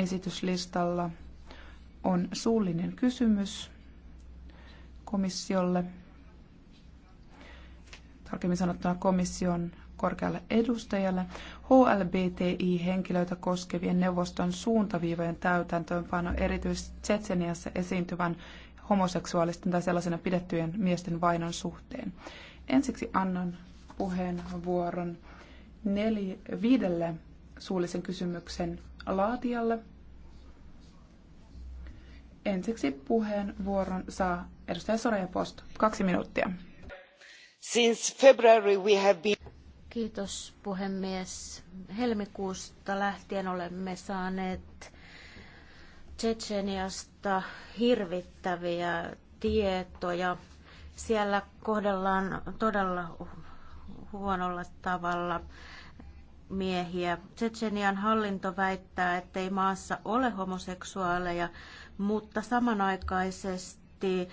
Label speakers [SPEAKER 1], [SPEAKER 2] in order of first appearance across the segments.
[SPEAKER 1] esityslistalla on suullinen kysymys komissiolle, tarkemmin sanottuna komission korkealle edustajalle HLBTI-henkilöitä koskevien neuvoston suuntaviivojen täytäntöönpano erityisesti Tsetseniassa esiintyvän homoseksuaalisten tai sellaisena pidettyjen miesten vainon suhteen. Ensiksi annan puheenvuoron neljä, viidelle suullisen kysymyksen laatijalle. Ensiksi puheenvuoron saa edustaja Soraya Post. Kaksi minuuttia.
[SPEAKER 2] Since February we have been... Kiitos puhemies. Helmikuusta lähtien olemme saaneet Tsetseniasta hirvittäviä tietoja. Siellä kohdellaan todella huonolla tavalla miehiä. Tsetsenian hallinto väittää, ettei maassa ole homoseksuaaleja, mutta samanaikaisesti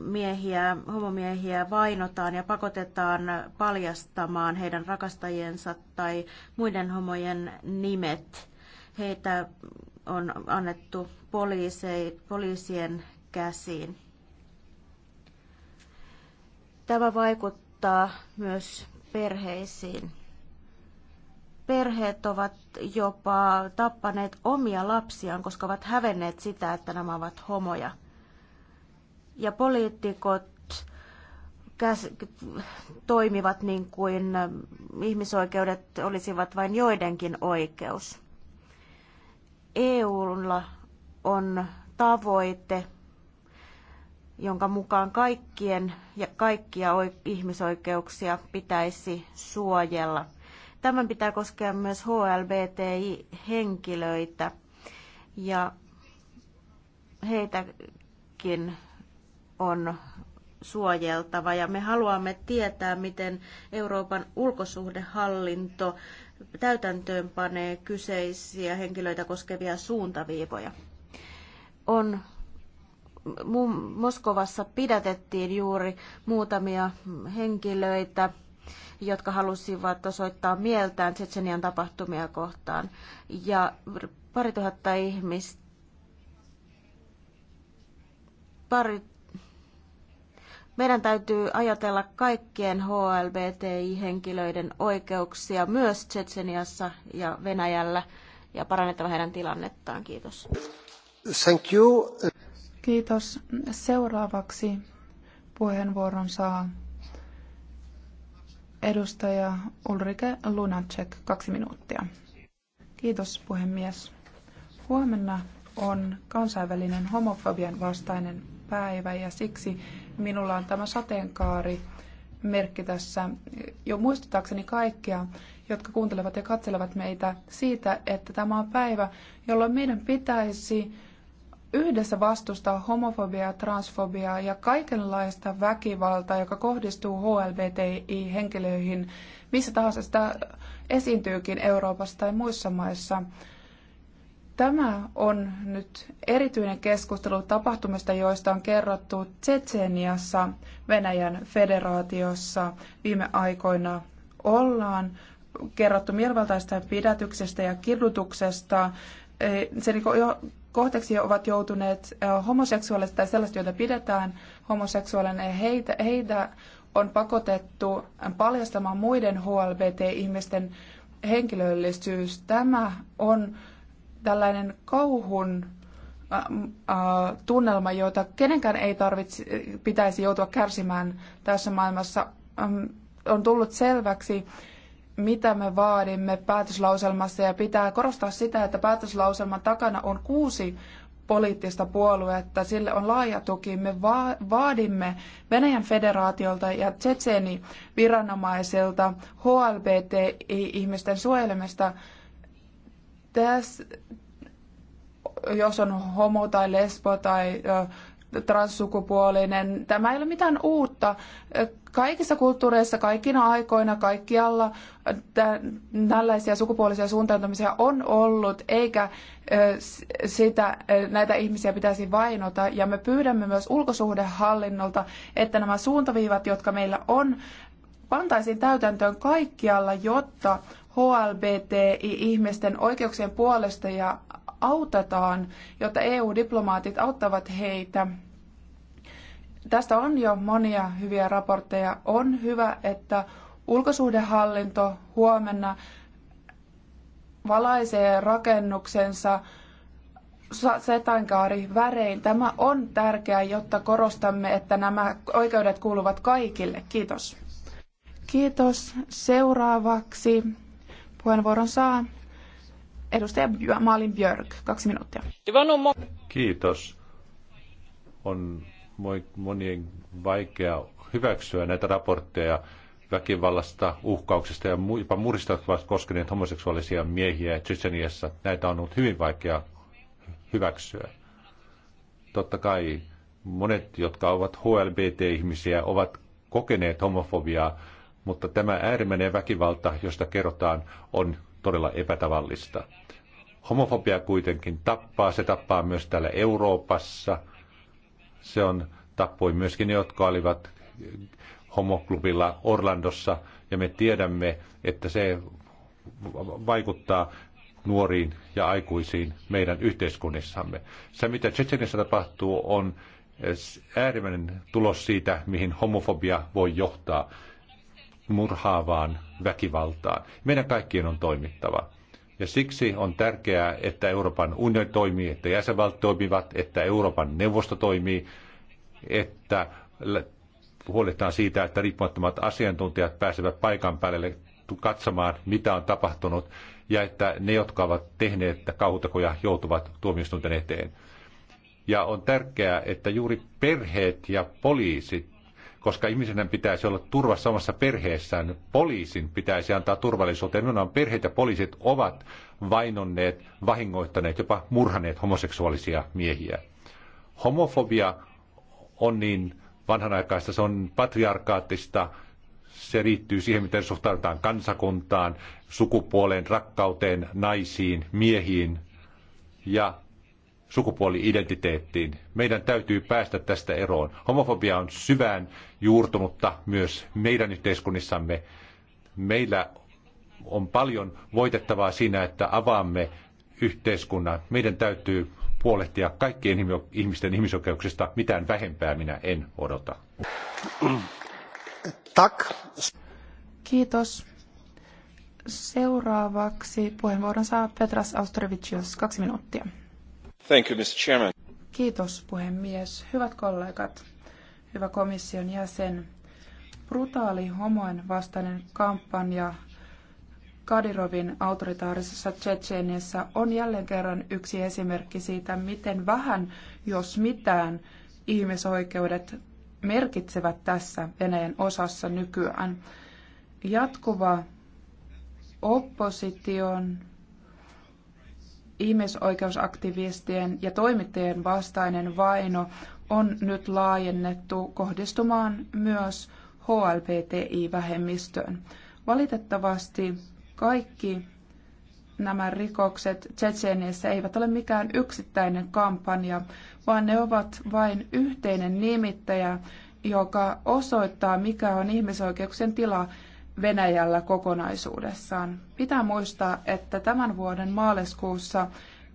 [SPEAKER 2] miehiä, homomiehiä vainotaan ja pakotetaan paljastamaan heidän rakastajiensa tai muiden homojen nimet. Heitä on annettu poliisei, poliisien käsiin. Tämä vaikuttaa myös perheisiin. Perheet ovat jopa tappaneet omia lapsiaan, koska ovat hävenneet sitä, että nämä ovat homoja. Ja poliitikot toimivat niin kuin ihmisoikeudet olisivat vain joidenkin oikeus. EUlla on tavoite, jonka mukaan kaikkien ja kaikkia ihmisoikeuksia pitäisi suojella. Tämän pitää koskea myös HLBTI-henkilöitä ja heitäkin on suojeltava ja me haluamme tietää, miten Euroopan ulkosuhdehallinto täytäntöön panee kyseisiä henkilöitä koskevia suuntaviivoja. On Moskovassa pidätettiin juuri muutamia henkilöitä jotka halusivat osoittaa mieltään Tsetsenian tapahtumia kohtaan. Ja pari tuhatta ihmistä, pari meidän täytyy ajatella kaikkien HLBTI-henkilöiden oikeuksia myös Tsetseniassa ja Venäjällä ja parannettava heidän tilannettaan. Kiitos.
[SPEAKER 1] Thank you. Kiitos. Seuraavaksi puheenvuoron saa Edustaja Ulrike Lunacek, kaksi minuuttia. Kiitos puhemies. Huomenna on kansainvälinen homofobian vastainen päivä ja siksi minulla on tämä sateenkaari merkki tässä jo muistuttaakseni kaikkia, jotka kuuntelevat ja katselevat meitä siitä, että tämä on päivä, jolloin meidän pitäisi yhdessä vastustaa homofobiaa, transfobiaa ja kaikenlaista väkivaltaa, joka kohdistuu HLBTI-henkilöihin, missä tahansa sitä esiintyykin Euroopassa tai muissa maissa. Tämä on nyt erityinen keskustelu tapahtumista, joista on kerrottu Tsetseniassa, Venäjän federaatiossa viime aikoina ollaan kerrottu mielivaltaista pidätyksestä ja kidutuksesta. Se niinku kohteeksi ovat joutuneet homoseksuaaliset tai sellaiset, joita pidetään homoseksuaalinen. Heitä, heitä on pakotettu paljastamaan muiden HLBT-ihmisten henkilöllisyys. Tämä on tällainen kauhun tunnelma, jota kenenkään ei tarvitse, pitäisi joutua kärsimään tässä maailmassa, on tullut selväksi mitä me vaadimme päätöslauselmassa ja pitää korostaa sitä, että päätöslauselman takana on kuusi poliittista puoluetta, sille on laaja tuki. Me vaadimme Venäjän federaatiolta ja Tsetseni viranomaiselta, HLBT-ihmisten suojelemista. tässä jos on homo tai lesbo tai transsukupuolinen. Tämä ei ole mitään uutta. Kaikissa kulttuureissa, kaikkina aikoina, kaikkialla tällaisia sukupuolisia suuntautumisia on ollut, eikä sitä, näitä ihmisiä pitäisi vainota. Ja me pyydämme myös ulkosuhdehallinnolta, että nämä suuntaviivat, jotka meillä on, pantaisiin täytäntöön kaikkialla, jotta HLBTI-ihmisten oikeuksien puolesta ja autetaan, jotta EU-diplomaatit auttavat heitä. Tästä on jo monia hyviä raportteja. On hyvä, että ulkosuhdehallinto huomenna valaisee rakennuksensa setankaari värein. Tämä on tärkeää, jotta korostamme, että nämä oikeudet kuuluvat kaikille. Kiitos. Kiitos. Seuraavaksi puheenvuoron saa edustaja Malin Björk. Kaksi minuuttia.
[SPEAKER 3] Kiitos. On monien vaikea hyväksyä näitä raportteja väkivallasta, uhkauksista ja jopa murista, jotka ovat koskeneet homoseksuaalisia miehiä Tsytseniassa. Näitä on ollut hyvin vaikea hyväksyä. Totta kai monet, jotka ovat HLBT-ihmisiä, ovat kokeneet homofobiaa, mutta tämä äärimmäinen väkivalta, josta kerrotaan, on todella epätavallista. Homofobia kuitenkin tappaa, se tappaa myös täällä Euroopassa – se on tappoi myöskin ne, jotka olivat homoklubilla Orlandossa, ja me tiedämme, että se vaikuttaa nuoriin ja aikuisiin meidän yhteiskunnissamme. Se, mitä Tsetsenissä tapahtuu, on äärimmäinen tulos siitä, mihin homofobia voi johtaa murhaavaan väkivaltaan. Meidän kaikkien on toimittava. Ja siksi on tärkeää, että Euroopan unioni toimii, että jäsenvaltiot toimivat, että Euroopan neuvosto toimii, että huolehditaan siitä, että riippumattomat asiantuntijat pääsevät paikan päälle katsomaan, mitä on tapahtunut, ja että ne, jotka ovat tehneet kauhutekoja, joutuvat tuomioistuinten eteen. Ja on tärkeää, että juuri perheet ja poliisit koska ihmisen pitäisi olla turvassa omassa perheessään. Poliisin pitäisi antaa Minun on perheet ja poliisit ovat vainonneet, vahingoittaneet, jopa murhaneet homoseksuaalisia miehiä. Homofobia on niin vanhanaikaista, se on patriarkaattista, se liittyy siihen, miten suhtaudutaan kansakuntaan, sukupuoleen, rakkauteen, naisiin, miehiin. Ja sukupuoli-identiteettiin. Meidän täytyy päästä tästä eroon. Homofobia on syvään juurtunutta myös meidän yhteiskunnissamme. Meillä on paljon voitettavaa siinä, että avaamme yhteiskunnan. Meidän täytyy puolehtia kaikkien ihmisten ihmisoikeuksista. Mitään vähempää minä en odota.
[SPEAKER 1] Tak. Kiitos. Seuraavaksi puheenvuoron saa Petras Austrevicius, kaksi minuuttia.
[SPEAKER 2] Thank you, Mr. Chairman.
[SPEAKER 1] Kiitos puhemies. Hyvät kollegat, hyvä komission jäsen. Brutaali homojen vastainen kampanja Kadirovin autoritaarisessa Tsetseeniassa on jälleen kerran yksi esimerkki siitä, miten vähän, jos mitään, ihmisoikeudet merkitsevät tässä Venäjän osassa nykyään. Jatkuva opposition ihmisoikeusaktivistien ja toimittajien vastainen vaino on nyt laajennettu kohdistumaan myös HLPTI-vähemmistöön. Valitettavasti kaikki nämä rikokset Tsetseenissä eivät ole mikään yksittäinen kampanja, vaan ne ovat vain yhteinen nimittäjä, joka osoittaa, mikä on ihmisoikeuksien tila Venäjällä kokonaisuudessaan. Pitää muistaa, että tämän vuoden maaliskuussa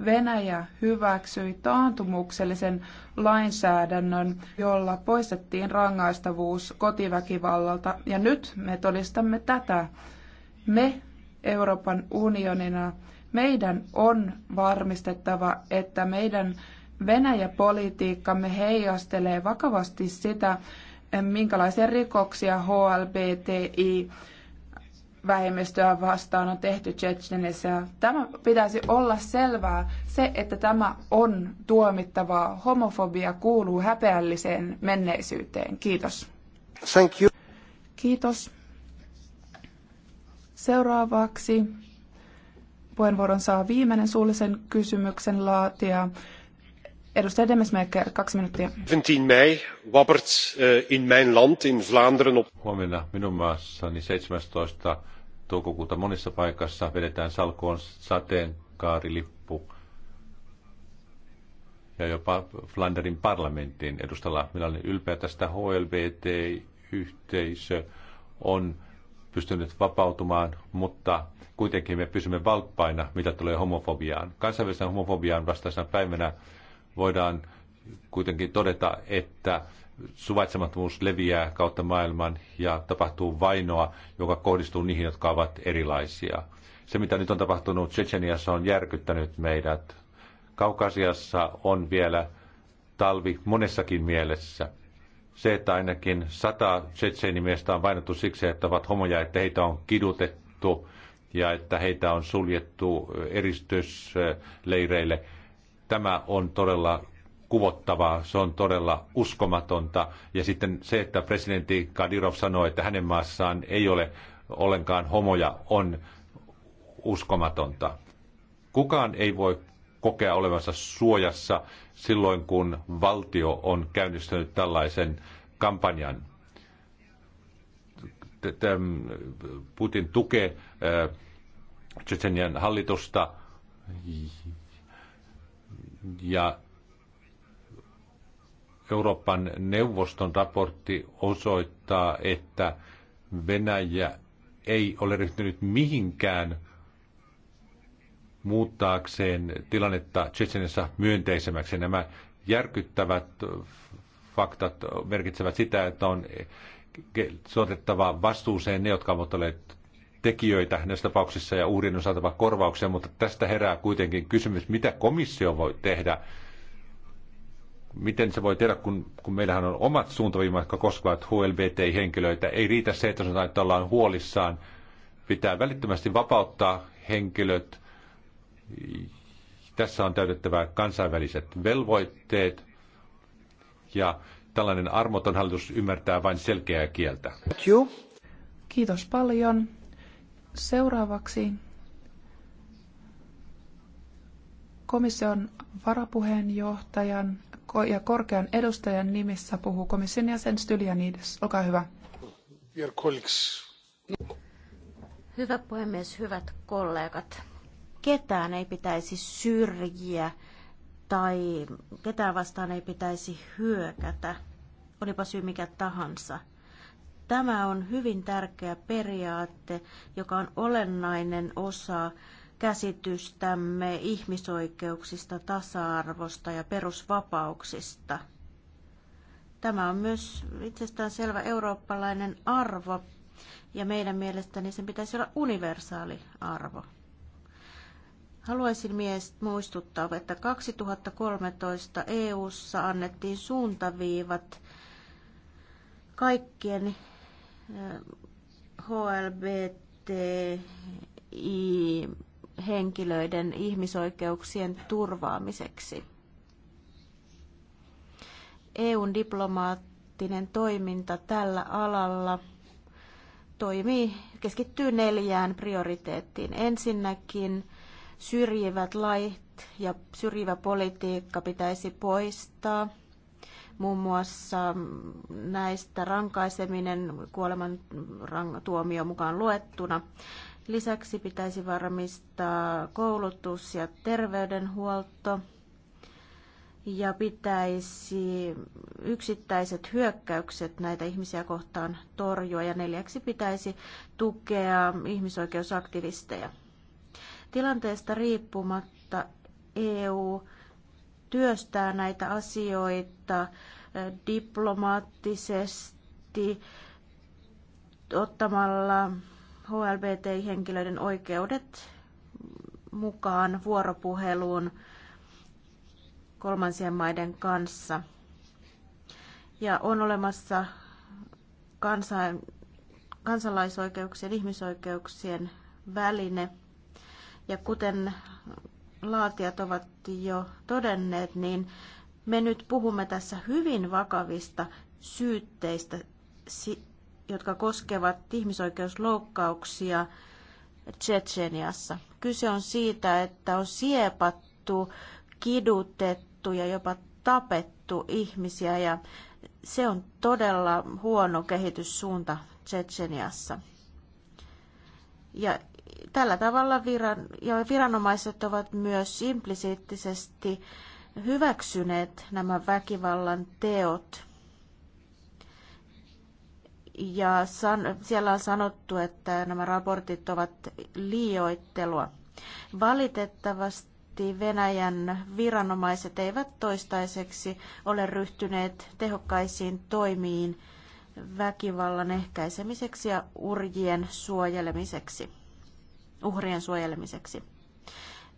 [SPEAKER 1] Venäjä hyväksyi taantumuksellisen lainsäädännön, jolla poistettiin rangaistavuus kotiväkivallalta, ja nyt me todistamme tätä. Me Euroopan unionina, meidän on varmistettava, että meidän Venäjä-politiikkamme heijastelee vakavasti sitä, minkälaisia rikoksia HLBTI vähemmistöä vastaan on tehty Tsetsenissä. Tämä pitäisi olla selvää. Se, että tämä on tuomittavaa, homofobia kuuluu häpeälliseen menneisyyteen. Kiitos. Thank you. Kiitos. Seuraavaksi puheenvuoron saa viimeinen suullisen kysymyksen laatija Edustaja Demesmaker, kaksi minuuttia.
[SPEAKER 3] 17 mei wappert eh, in mijn land, in Vlaanderen op... Huomenna minun maassani 17. toukokuuta monissa paikassa vedetään salkoon sateenkaarilippu ja jopa Flanderin parlamentin edustalla. Minä olen ylpeä tästä HLBT-yhteisö on pystynyt vapautumaan, mutta kuitenkin me pysymme valppaina, mitä tulee homofobiaan. Kansainvälisen homofobiaan vastaisena päivänä voidaan kuitenkin todeta, että suvaitsemattomuus leviää kautta maailman ja tapahtuu vainoa, joka kohdistuu niihin, jotka ovat erilaisia. Se, mitä nyt on tapahtunut Tsecheniassa, on järkyttänyt meidät. Kaukasiassa on vielä talvi monessakin mielessä. Se, että ainakin sata tsetsenimiestä on vainottu siksi, että ovat homoja, että heitä on kidutettu ja että heitä on suljettu eristysleireille – Tämä on todella kuvottavaa, se on todella uskomatonta. Ja sitten se, että presidentti Kadirov sanoi, että hänen maassaan ei ole ollenkaan homoja, on uskomatonta. Kukaan ei voi kokea olevansa suojassa silloin, kun valtio on käynnistänyt tällaisen kampanjan. Putin tukee Tsetsenian hallitusta ja Euroopan neuvoston raportti osoittaa, että Venäjä ei ole ryhtynyt mihinkään muuttaakseen tilannetta Tsetseniassa myönteisemmäksi. Nämä järkyttävät faktat merkitsevät sitä, että on suotettava vastuuseen ne, jotka ovat olleet tekijöitä näissä tapauksissa ja uhrin on saatava korvauksia, mutta tästä herää kuitenkin kysymys, mitä komissio voi tehdä, miten se voi tehdä, kun, kun meillähän on omat suuntaviimat, jotka koskevat HLBT-henkilöitä. Ei riitä se, että sanotaan, että ollaan huolissaan. Pitää välittömästi vapauttaa henkilöt. Tässä on täytettävä kansainväliset velvoitteet. Ja tällainen armoton hallitus ymmärtää vain selkeää kieltä.
[SPEAKER 1] Kiitos paljon. Seuraavaksi komission varapuheenjohtajan ja korkean edustajan nimissä puhuu komission
[SPEAKER 2] jäsen Stylianides. Olkaa hyvä. Hyvä puhemies, hyvät kollegat. Ketään ei pitäisi syrjiä tai ketään vastaan ei pitäisi hyökätä, olipa syy mikä tahansa – Tämä on hyvin tärkeä periaate, joka on olennainen osa käsitystämme ihmisoikeuksista, tasa-arvosta ja perusvapauksista. Tämä on myös itsestään selvä eurooppalainen arvo ja meidän mielestäni sen pitäisi olla universaali arvo. Haluaisin mies muistuttaa, että 2013 EU:ssa annettiin suuntaviivat kaikkien HLBTI-henkilöiden ihmisoikeuksien turvaamiseksi. EUn diplomaattinen toiminta tällä alalla toimii, keskittyy neljään prioriteettiin. Ensinnäkin syrjivät lait ja syrjivä politiikka pitäisi poistaa – Muun muassa näistä rankaiseminen kuoleman tuomio mukaan luettuna. Lisäksi pitäisi varmistaa koulutus ja terveydenhuolto ja pitäisi yksittäiset hyökkäykset näitä ihmisiä kohtaan torjua ja neljäksi pitäisi tukea ihmisoikeusaktivisteja. Tilanteesta riippumatta EU työstää näitä asioita diplomaattisesti ottamalla HLBT-henkilöiden oikeudet mukaan vuoropuheluun kolmansien maiden kanssa. Ja on olemassa kansain, kansalaisoikeuksien, ihmisoikeuksien väline. Ja kuten laatijat ovat jo todenneet, niin me nyt puhumme tässä hyvin vakavista syytteistä, jotka koskevat ihmisoikeusloukkauksia Tsetseniassa. Kyse on siitä, että on siepattu, kidutettu ja jopa tapettu ihmisiä ja se on todella huono kehityssuunta Tsetseniassa. Ja tällä tavalla viran, ja viranomaiset ovat myös implisiittisesti hyväksyneet nämä väkivallan teot. Ja san, siellä on sanottu, että nämä raportit ovat liioittelua. Valitettavasti Venäjän viranomaiset eivät toistaiseksi ole ryhtyneet tehokkaisiin toimiin väkivallan ehkäisemiseksi ja urjien suojelemiseksi uhrien suojelemiseksi.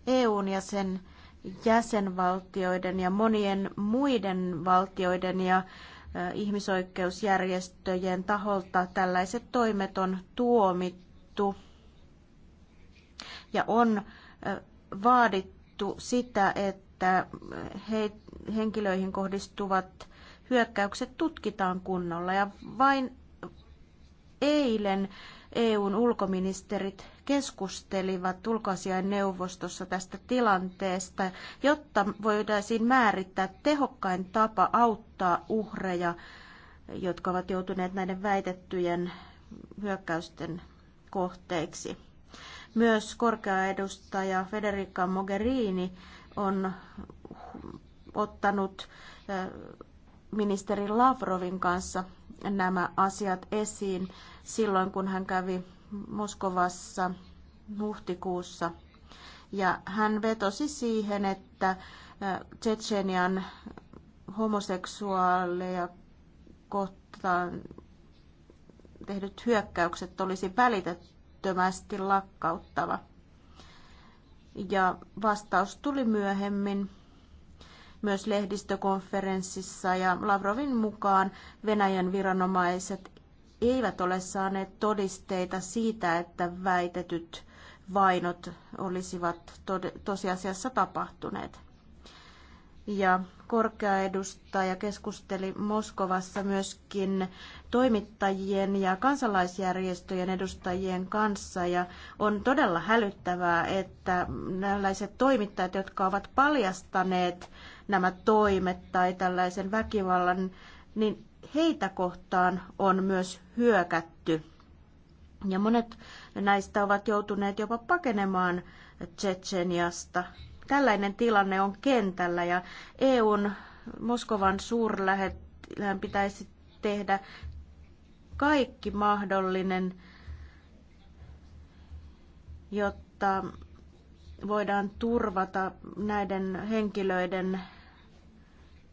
[SPEAKER 2] EUn ja sen jäsenvaltioiden ja monien muiden valtioiden ja ihmisoikeusjärjestöjen taholta tällaiset toimet on tuomittu ja on vaadittu sitä, että henkilöihin kohdistuvat hyökkäykset tutkitaan kunnolla ja vain eilen EUn ulkoministerit keskustelivat ulkoasiain neuvostossa tästä tilanteesta, jotta voitaisiin määrittää tehokkain tapa auttaa uhreja, jotka ovat joutuneet näiden väitettyjen hyökkäysten kohteiksi. Myös korkea edustaja Federica Mogherini on ottanut ministeri Lavrovin kanssa nämä asiat esiin silloin, kun hän kävi Moskovassa huhtikuussa. Ja hän vetosi siihen, että Tsetsenian homoseksuaaleja kohtaan tehdyt hyökkäykset olisi välitettömästi lakkauttava. Ja vastaus tuli myöhemmin myös lehdistökonferenssissa ja Lavrovin mukaan Venäjän viranomaiset eivät ole saaneet todisteita siitä, että väitetyt vainot olisivat tosiasiassa tapahtuneet. Ja korkea edustaja keskusteli Moskovassa myöskin toimittajien ja kansalaisjärjestöjen edustajien kanssa. Ja on todella hälyttävää, että tällaiset toimittajat, jotka ovat paljastaneet nämä toimet tai tällaisen väkivallan, niin heitä kohtaan on myös hyökätty. Ja monet näistä ovat joutuneet jopa pakenemaan Tsetseniasta. Tällainen tilanne on kentällä ja EUn Moskovan suurlähettilään pitäisi tehdä kaikki mahdollinen, jotta voidaan turvata näiden henkilöiden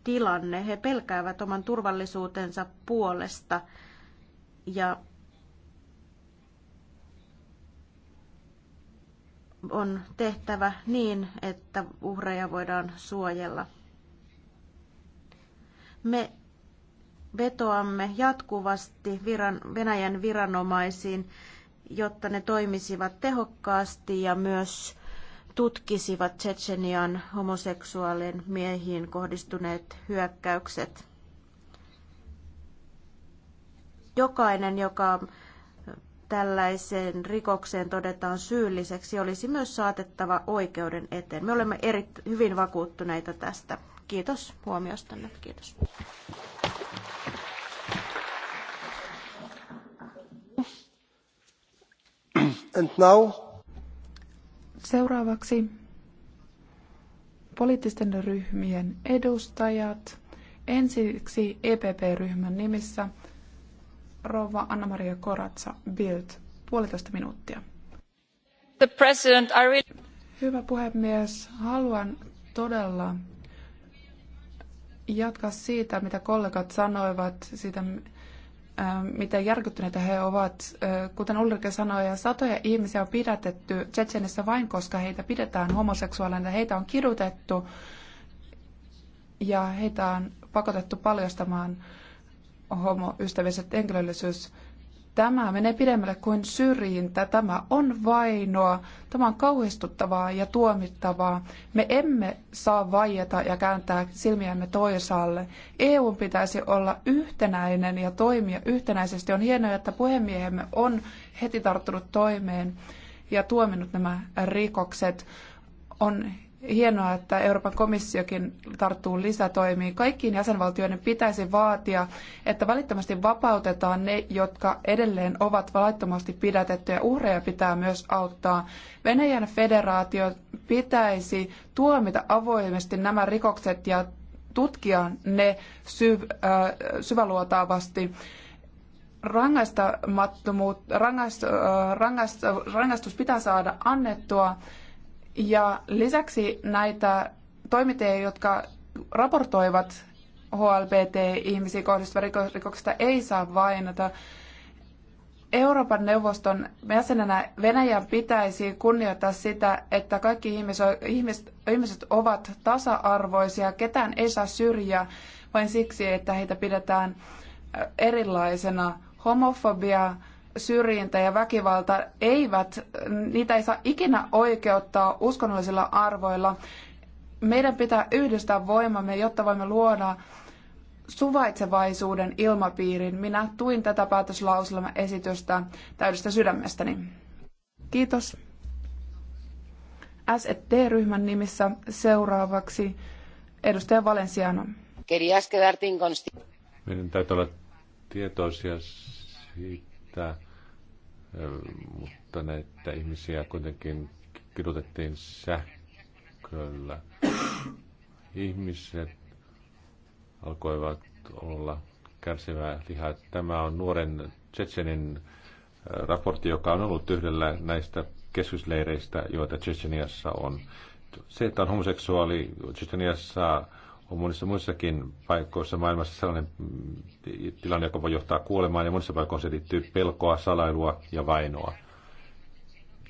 [SPEAKER 2] tilanne. He pelkäävät oman turvallisuutensa puolesta ja on tehtävä niin, että uhreja voidaan suojella. Me vetoamme jatkuvasti viran, Venäjän viranomaisiin, jotta ne toimisivat tehokkaasti ja myös tutkisivat Tsetsenian homoseksuaalien miehiin kohdistuneet hyökkäykset. Jokainen, joka tällaiseen rikokseen todetaan syylliseksi, olisi myös saatettava oikeuden eteen. Me olemme eri, hyvin vakuuttuneita tästä. Kiitos huomiostanne. Kiitos. And
[SPEAKER 1] now Seuraavaksi poliittisten ryhmien edustajat. Ensiksi EPP-ryhmän nimissä rouva Anna-Maria Koratsa Bild, puolitoista minuuttia. The president, I really... Hyvä puhemies, haluan todella jatkaa siitä, mitä kollegat sanoivat, siitä Ähm, miten järkyttyneitä he ovat. Äh, kuten Ulrike sanoi, ja satoja ihmisiä on pidätetty Tsetsenissä vain, koska heitä pidetään homoseksuaalina. Heitä on kidutettu ja heitä on pakotettu paljastamaan homoystävälliset henkilöllisyys. Tämä menee pidemmälle kuin syrjintä. Tämä on vainoa. Tämä on kauhistuttavaa ja tuomittavaa. Me emme saa vaieta ja kääntää silmiämme toisaalle. EU pitäisi olla yhtenäinen ja toimia yhtenäisesti. On hienoa, että puhemiehemme on heti tarttunut toimeen ja tuominut nämä rikokset. On hienoa, että Euroopan komissiokin tarttuu lisätoimiin. Kaikkiin jäsenvaltioiden pitäisi vaatia, että välittömästi vapautetaan ne, jotka edelleen ovat laittomasti pidätettyjä. Uhreja pitää myös auttaa. Venäjän federaatio pitäisi tuomita avoimesti nämä rikokset ja tutkia ne syv, äh, syväluotaavasti rangaistamattomuut, rangaist, äh, rangaist, rangaistus pitää saada annettua ja lisäksi näitä toimittajia, jotka raportoivat hlbt ihmisiä kohdistuvista rikoksista, ei saa vainata. Euroopan neuvoston jäsenenä Venäjän pitäisi kunnioittaa sitä, että kaikki ihmiset, ihmiset ovat tasa-arvoisia, ketään ei saa syrjiä vain siksi, että heitä pidetään erilaisena. Homofobia syrjintä ja väkivalta eivät, niitä ei saa ikinä oikeuttaa uskonnollisilla arvoilla. Meidän pitää yhdistää voimamme, jotta voimme luoda suvaitsevaisuuden ilmapiirin. Minä tuin tätä päätöslauselmaesitystä täydestä sydämestäni. Kiitos. SET-ryhmän nimissä seuraavaksi edustaja Valenciano.
[SPEAKER 3] Meidän täytyy olla tietoisia siitä, että, mutta näitä ihmisiä kuitenkin kidutettiin sähköllä. Ihmiset alkoivat olla kärsivää lihaa. Tämä on nuoren Tsetsenin raportti, joka on ollut yhdellä näistä keskusleireistä, joita Tsetseniassa on. Se, että on homoseksuaali Tsetseniassa on monissa muissakin paikoissa maailmassa sellainen tilanne, joka voi johtaa kuolemaan, ja monissa paikoissa se liittyy pelkoa, salailua ja vainoa.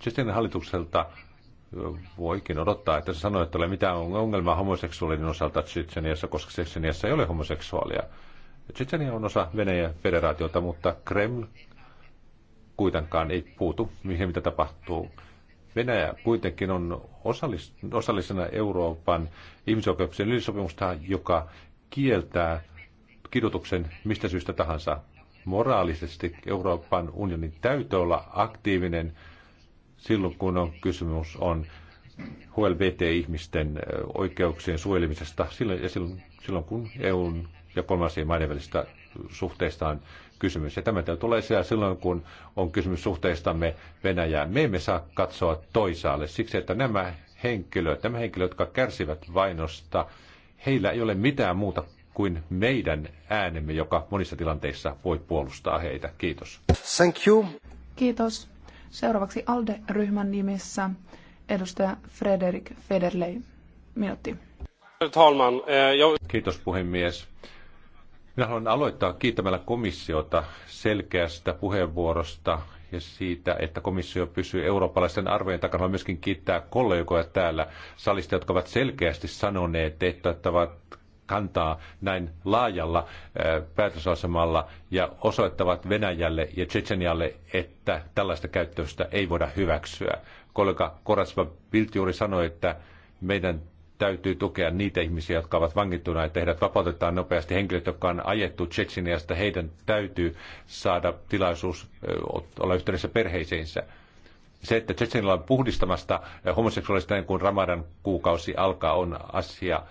[SPEAKER 3] Sitten hallitukselta voikin odottaa, että se sanoo, että ei ole mitään ongelmaa homoseksuaalinen osalta Tsitseniassa, koska Tsitseniassa ei ole homoseksuaalia. Tsitsenia on osa Venäjän federaatiota, mutta Kreml kuitenkaan ei puutu mihin mitä tapahtuu. Venäjä kuitenkin on osallisena Euroopan ihmisoikeuksien ylisopimusta, joka kieltää kidutuksen mistä syystä tahansa. Moraalisesti Euroopan unionin täytyy olla aktiivinen silloin, kun on kysymys on HLBT-ihmisten oikeuksien suojelemisesta silloin, ja silloin, silloin kun EUn ja kolmansien maiden välistä suhteista on kysymys. Ja tämä tulee siellä silloin, kun on kysymys suhteistamme Venäjään. Me emme saa katsoa toisaalle siksi, että nämä henkilöt, nämä henkilöt, jotka kärsivät vainosta, heillä ei ole mitään muuta kuin meidän äänemme, joka monissa tilanteissa voi puolustaa heitä. Kiitos.
[SPEAKER 2] Thank you.
[SPEAKER 1] Kiitos. Seuraavaksi ALDE-ryhmän nimissä edustaja Frederik Federley. Minuutti.
[SPEAKER 3] Eh, Kiitos puhemies. Minä haluan aloittaa kiittämällä komissiota selkeästä puheenvuorosta ja siitä, että komissio pysyy eurooppalaisten arvojen takana. Haluan myöskin kiittää kollegoja täällä salista, jotka ovat selkeästi sanoneet, että ottavat kantaa näin laajalla päätösasemalla ja osoittavat Venäjälle ja Tsetsenialle, että tällaista käyttöstä ei voida hyväksyä. Kollega Korasva Bilt juuri sanoi, että meidän täytyy tukea niitä ihmisiä, jotka ovat vangittuna, että heidät vapautetaan nopeasti. Henkilöt, jotka on ajettu Tsetsiniasta, heidän täytyy saada tilaisuus olla yhteydessä perheisiinsä. Se, että Tsetsinillä on puhdistamasta homoseksuaalista niin kuin Ramadan kuukausi alkaa, on asia,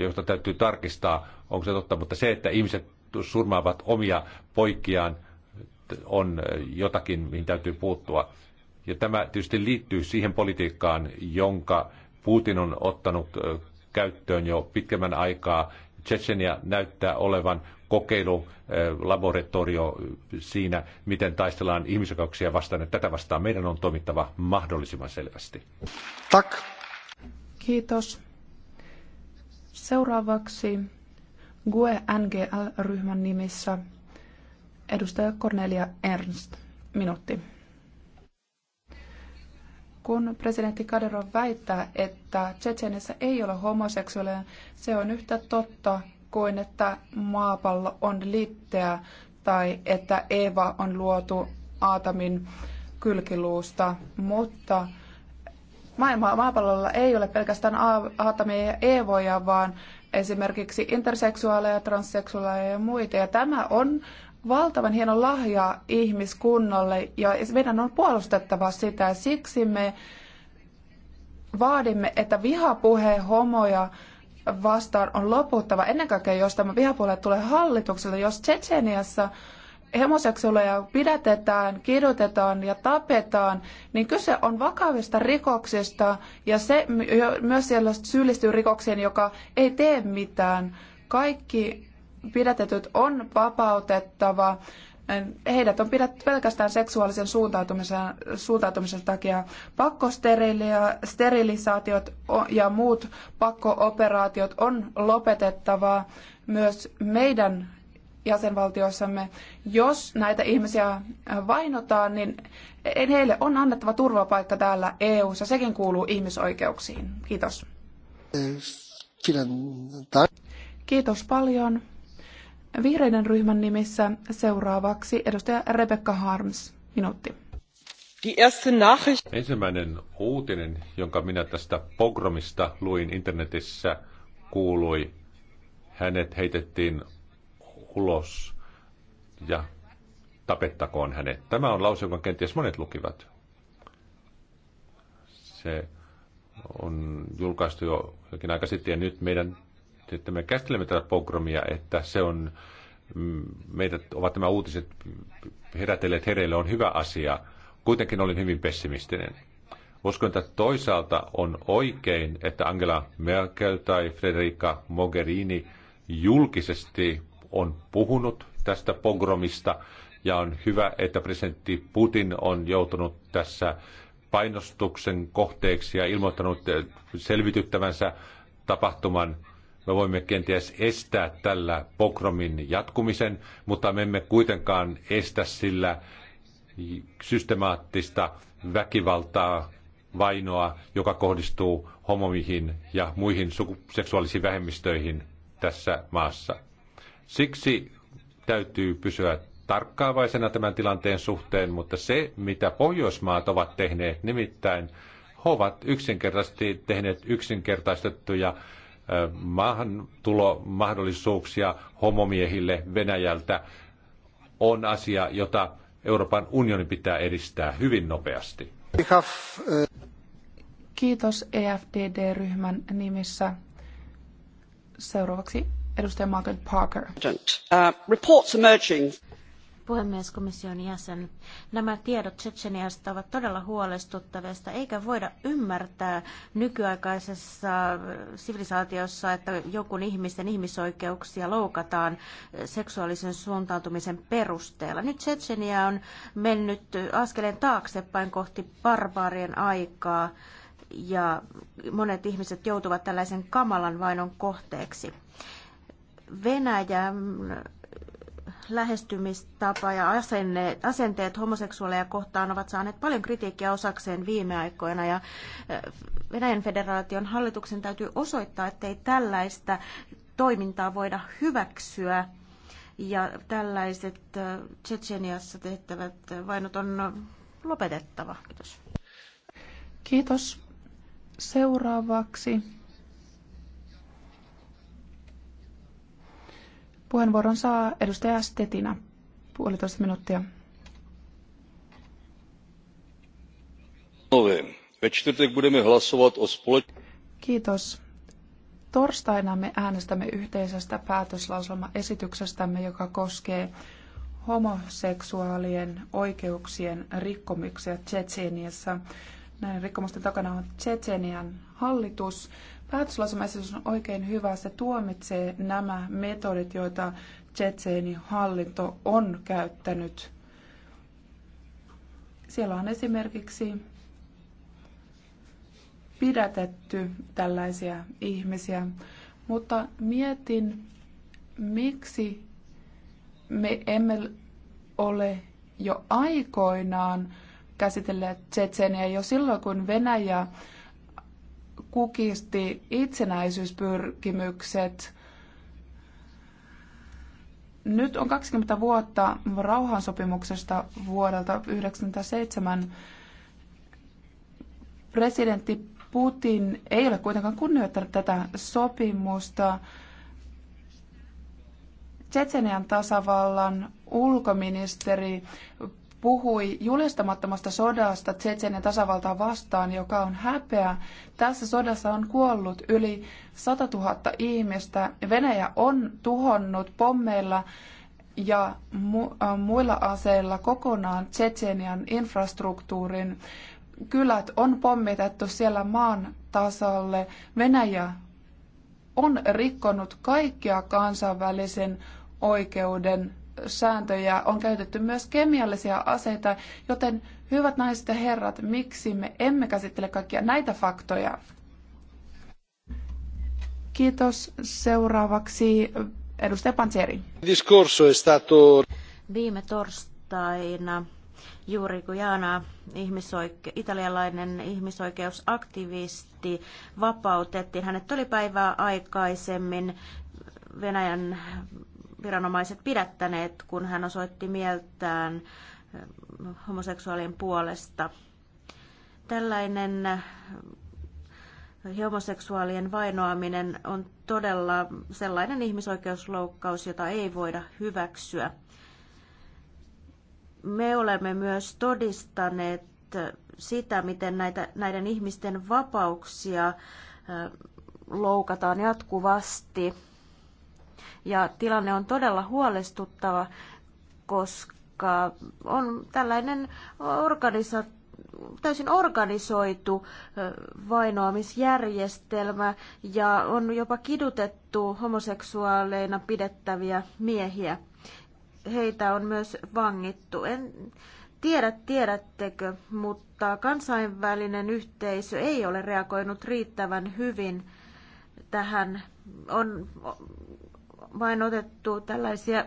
[SPEAKER 3] josta täytyy tarkistaa, onko se totta. Mutta se, että ihmiset surmaavat omia poikiaan, on jotakin, mihin täytyy puuttua. Ja tämä tietysti liittyy siihen politiikkaan, jonka Putin on ottanut käyttöön jo pitkemmän aikaa. Tsetsenia näyttää olevan kokeilu, laboratorio siinä, miten taistellaan ihmisoikeuksia vastaan. Tätä vastaan meidän on toimittava mahdollisimman selvästi.
[SPEAKER 1] Tak. Kiitos. Seuraavaksi GUE NGL-ryhmän nimissä edustaja Cornelia Ernst. Minuutti. Kun presidentti Kadyrov väittää, että Tsetsenissä ei ole homoseksuaaleja, se on yhtä totta kuin että maapallo on litteä tai että Eeva on luotu Aatamin kylkiluusta, mutta maailma, maapallolla ei ole pelkästään Aatamia ja Eevoja, vaan esimerkiksi interseksuaaleja, transseksuaaleja ja muita. Ja tämä on valtavan hieno lahja ihmiskunnalle ja meidän on puolustettava sitä. Siksi me vaadimme, että vihapuhe homoja vastaan on loputtava. Ennen kaikkea, jos tämä vihapuhe tulee hallitukselta, jos Tsetseniassa hemoseksuaaleja pidätetään, kidutetaan ja tapetaan, niin kyse on vakavista rikoksista ja se myös siellä syyllistyy rikokseen, joka ei tee mitään. Kaikki pidätetyt on vapautettava. Heidät on pidät pelkästään seksuaalisen suuntautumisen, suuntautumisen takia. Pakkosterilisaatiot ja muut pakkooperaatiot on lopetettava myös meidän jäsenvaltioissamme. Jos näitä ihmisiä vainotaan, niin heille on annettava turvapaikka täällä EU-ssa. Sekin kuuluu ihmisoikeuksiin. Kiitos. Kiitos paljon. Vihreiden ryhmän nimissä seuraavaksi edustaja Rebecca Harms, minuutti.
[SPEAKER 3] Ensimmäinen uutinen, jonka minä tästä pogromista luin internetissä, kuului, hänet heitettiin ulos ja tapettakoon hänet. Tämä on lause, jonka kenties monet lukivat. Se on julkaistu jo jokin aika sitten ja nyt meidän että me käsittelemme tätä pogromia, että se on, mm, meidät ovat nämä uutiset herätelleet hereille, on hyvä asia. Kuitenkin olin hyvin pessimistinen. Uskon, että toisaalta on oikein, että Angela Merkel tai Frederica Mogherini julkisesti on puhunut tästä pogromista ja on hyvä, että presidentti Putin on joutunut tässä painostuksen kohteeksi ja ilmoittanut selvityttävänsä tapahtuman me voimme kenties estää tällä pokromin jatkumisen, mutta me emme kuitenkaan estä sillä systemaattista väkivaltaa, vainoa, joka kohdistuu homomihin ja muihin seksuaalisiin vähemmistöihin tässä maassa. Siksi täytyy pysyä tarkkaavaisena tämän tilanteen suhteen, mutta se, mitä Pohjoismaat ovat tehneet, nimittäin he ovat yksinkertaisesti tehneet yksinkertaistettuja maahantulomahdollisuuksia homomiehille Venäjältä on asia, jota Euroopan unioni pitää edistää hyvin nopeasti.
[SPEAKER 1] Kiitos EFDD-ryhmän nimissä.
[SPEAKER 2] Seuraavaksi edustaja Margaret Parker. Uh, reports emerging puhemies, komission jäsen. Nämä tiedot Tsetseniasta ovat todella huolestuttavista, eikä voida ymmärtää nykyaikaisessa sivilisaatiossa, että jonkun ihmisen ihmisoikeuksia loukataan seksuaalisen suuntautumisen perusteella. Nyt Tsetsenia on mennyt askeleen taaksepäin kohti barbaarien aikaa ja monet ihmiset joutuvat tällaisen kamalan vainon kohteeksi. Venäjän lähestymistapa ja asenne, asenteet homoseksuaaleja kohtaan ovat saaneet paljon kritiikkiä osakseen viime aikoina ja eh, Venäjän federaation hallituksen täytyy osoittaa, ettei tällaista toimintaa voida hyväksyä. Ja tällaiset eh, Tsetseniassa tehtävät vainot on lopetettava. Kiitos.
[SPEAKER 1] Kiitos. Seuraavaksi Puheenvuoron saa edustaja Stetina, puolitoista minuuttia. hlasovat Kiitos. Torstaina me äänestämme yhteisestä päätöslauselmaesityksestämme, joka koskee homoseksuaalien oikeuksien rikkomuksia Tsetseeniassa. Näiden rikkomusten takana on Tsetseenian hallitus Päätöslausumaisuus on oikein hyvä. Se tuomitsee nämä metodit, joita Tsetseeni hallinto on käyttänyt. Siellä on esimerkiksi pidätetty tällaisia ihmisiä, mutta mietin, miksi me emme ole jo aikoinaan käsitelleet Tsetseeniä jo silloin, kun Venäjä kukisti itsenäisyyspyrkimykset. Nyt on 20 vuotta rauhansopimuksesta vuodelta 1997. Presidentti Putin ei ole kuitenkaan kunnioittanut tätä sopimusta. Tsetsenian tasavallan ulkoministeri puhui julistamattomasta sodasta Tsetsenen tasavaltaa vastaan, joka on häpeä. Tässä sodassa on kuollut yli 100 000 ihmistä. Venäjä on tuhonnut pommeilla ja mu- äh, muilla aseilla kokonaan Tsetsenian infrastruktuurin. Kylät on pommitettu siellä maan tasalle. Venäjä on rikkonut kaikkia kansainvälisen oikeuden sääntöjä, on käytetty myös kemiallisia aseita, joten hyvät naiset ja herrat, miksi me emme käsittele kaikkia näitä faktoja? Kiitos.
[SPEAKER 2] Seuraavaksi edustaja stato. Viime torstaina Juuri Gujana, ihmisoike- italialainen ihmisoikeusaktivisti, vapautettiin. Hänet oli päivää aikaisemmin Venäjän viranomaiset pidättäneet, kun hän osoitti mieltään eh, homoseksuaalien puolesta. Tällainen eh, homoseksuaalien vainoaminen on todella sellainen ihmisoikeusloukkaus, jota ei voida hyväksyä. Me olemme myös todistaneet eh, sitä, miten näitä, näiden ihmisten vapauksia loukataan jatkuvasti ja tilanne on todella huolestuttava, koska on tällainen organisa täysin organisoitu vainoamisjärjestelmä ja on jopa kidutettu homoseksuaaleina pidettäviä miehiä. Heitä on myös vangittu. En tiedä, tiedättekö, mutta kansainvälinen yhteisö ei ole reagoinut riittävän hyvin tähän. On vain otettu tällaisia,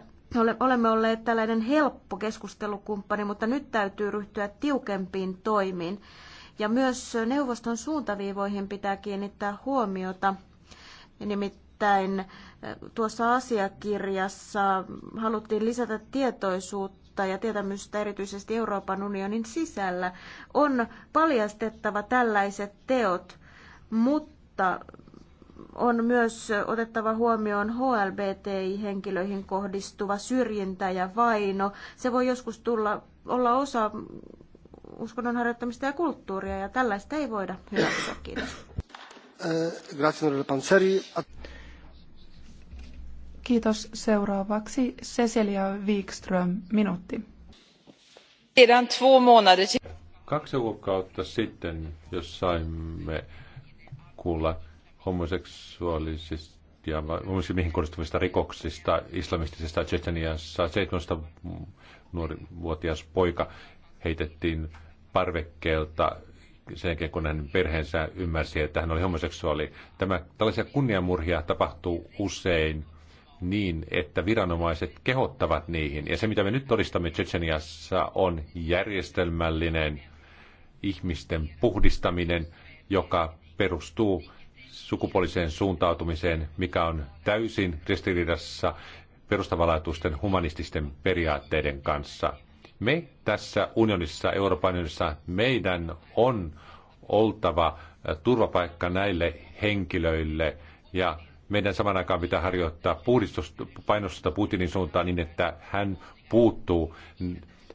[SPEAKER 2] olemme olleet tällainen helppo keskustelukumppani, mutta nyt täytyy ryhtyä tiukempiin toimiin. Ja myös neuvoston suuntaviivoihin pitää kiinnittää huomiota. Nimittäin eh, tuossa asiakirjassa haluttiin lisätä tietoisuutta ja tietämystä erityisesti Euroopan unionin sisällä. On paljastettava tällaiset teot, mutta on myös otettava huomioon HLBTI-henkilöihin kohdistuva syrjintä ja vaino. Se voi joskus tulla, olla osa uskonnon harjoittamista ja kulttuuria, ja tällaista ei voida hyväksyä. Kiitos. Eh,
[SPEAKER 1] Kiitos. Seuraavaksi Cecilia Wikström, minuutti.
[SPEAKER 3] Kaksi kuukautta sitten, jos saimme kuulla homoseksuaalisista ja mihin kohdistuvista rikoksista islamistisesta Tsetseniassa. 17-vuotias poika heitettiin parvekkeelta sen jälkeen, kun hänen perheensä ymmärsi, että hän oli homoseksuaali. Tämä, tällaisia kunniamurhia tapahtuu usein niin, että viranomaiset kehottavat niihin. Ja se, mitä me nyt todistamme Tsetseniassa, on järjestelmällinen ihmisten puhdistaminen, joka perustuu sukupuoliseen suuntautumiseen, mikä on täysin ristiriidassa perustavanlaatuisten humanististen periaatteiden kanssa. Me tässä unionissa, Euroopan unionissa, meidän on oltava turvapaikka näille henkilöille ja meidän saman aikaan pitää harjoittaa painostusta Putinin suuntaan niin, että hän puuttuu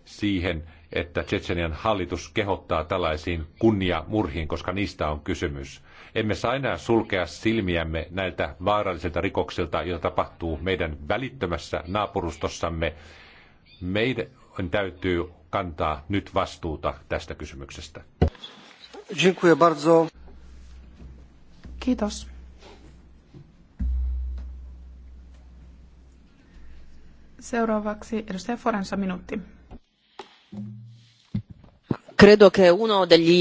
[SPEAKER 3] siihen, että Tsetsenian hallitus kehottaa tällaisiin kunniamurhiin, koska niistä on kysymys. Emme saa enää sulkea silmiämme näiltä vaarallisilta rikoksilta, joita tapahtuu meidän välittömässä naapurustossamme. Meidän täytyy kantaa nyt vastuuta tästä kysymyksestä.
[SPEAKER 1] Dziękuję bardzo. Kiitos. Seuraavaksi edustaja Forensa
[SPEAKER 2] minuutti. Credo che uno degli...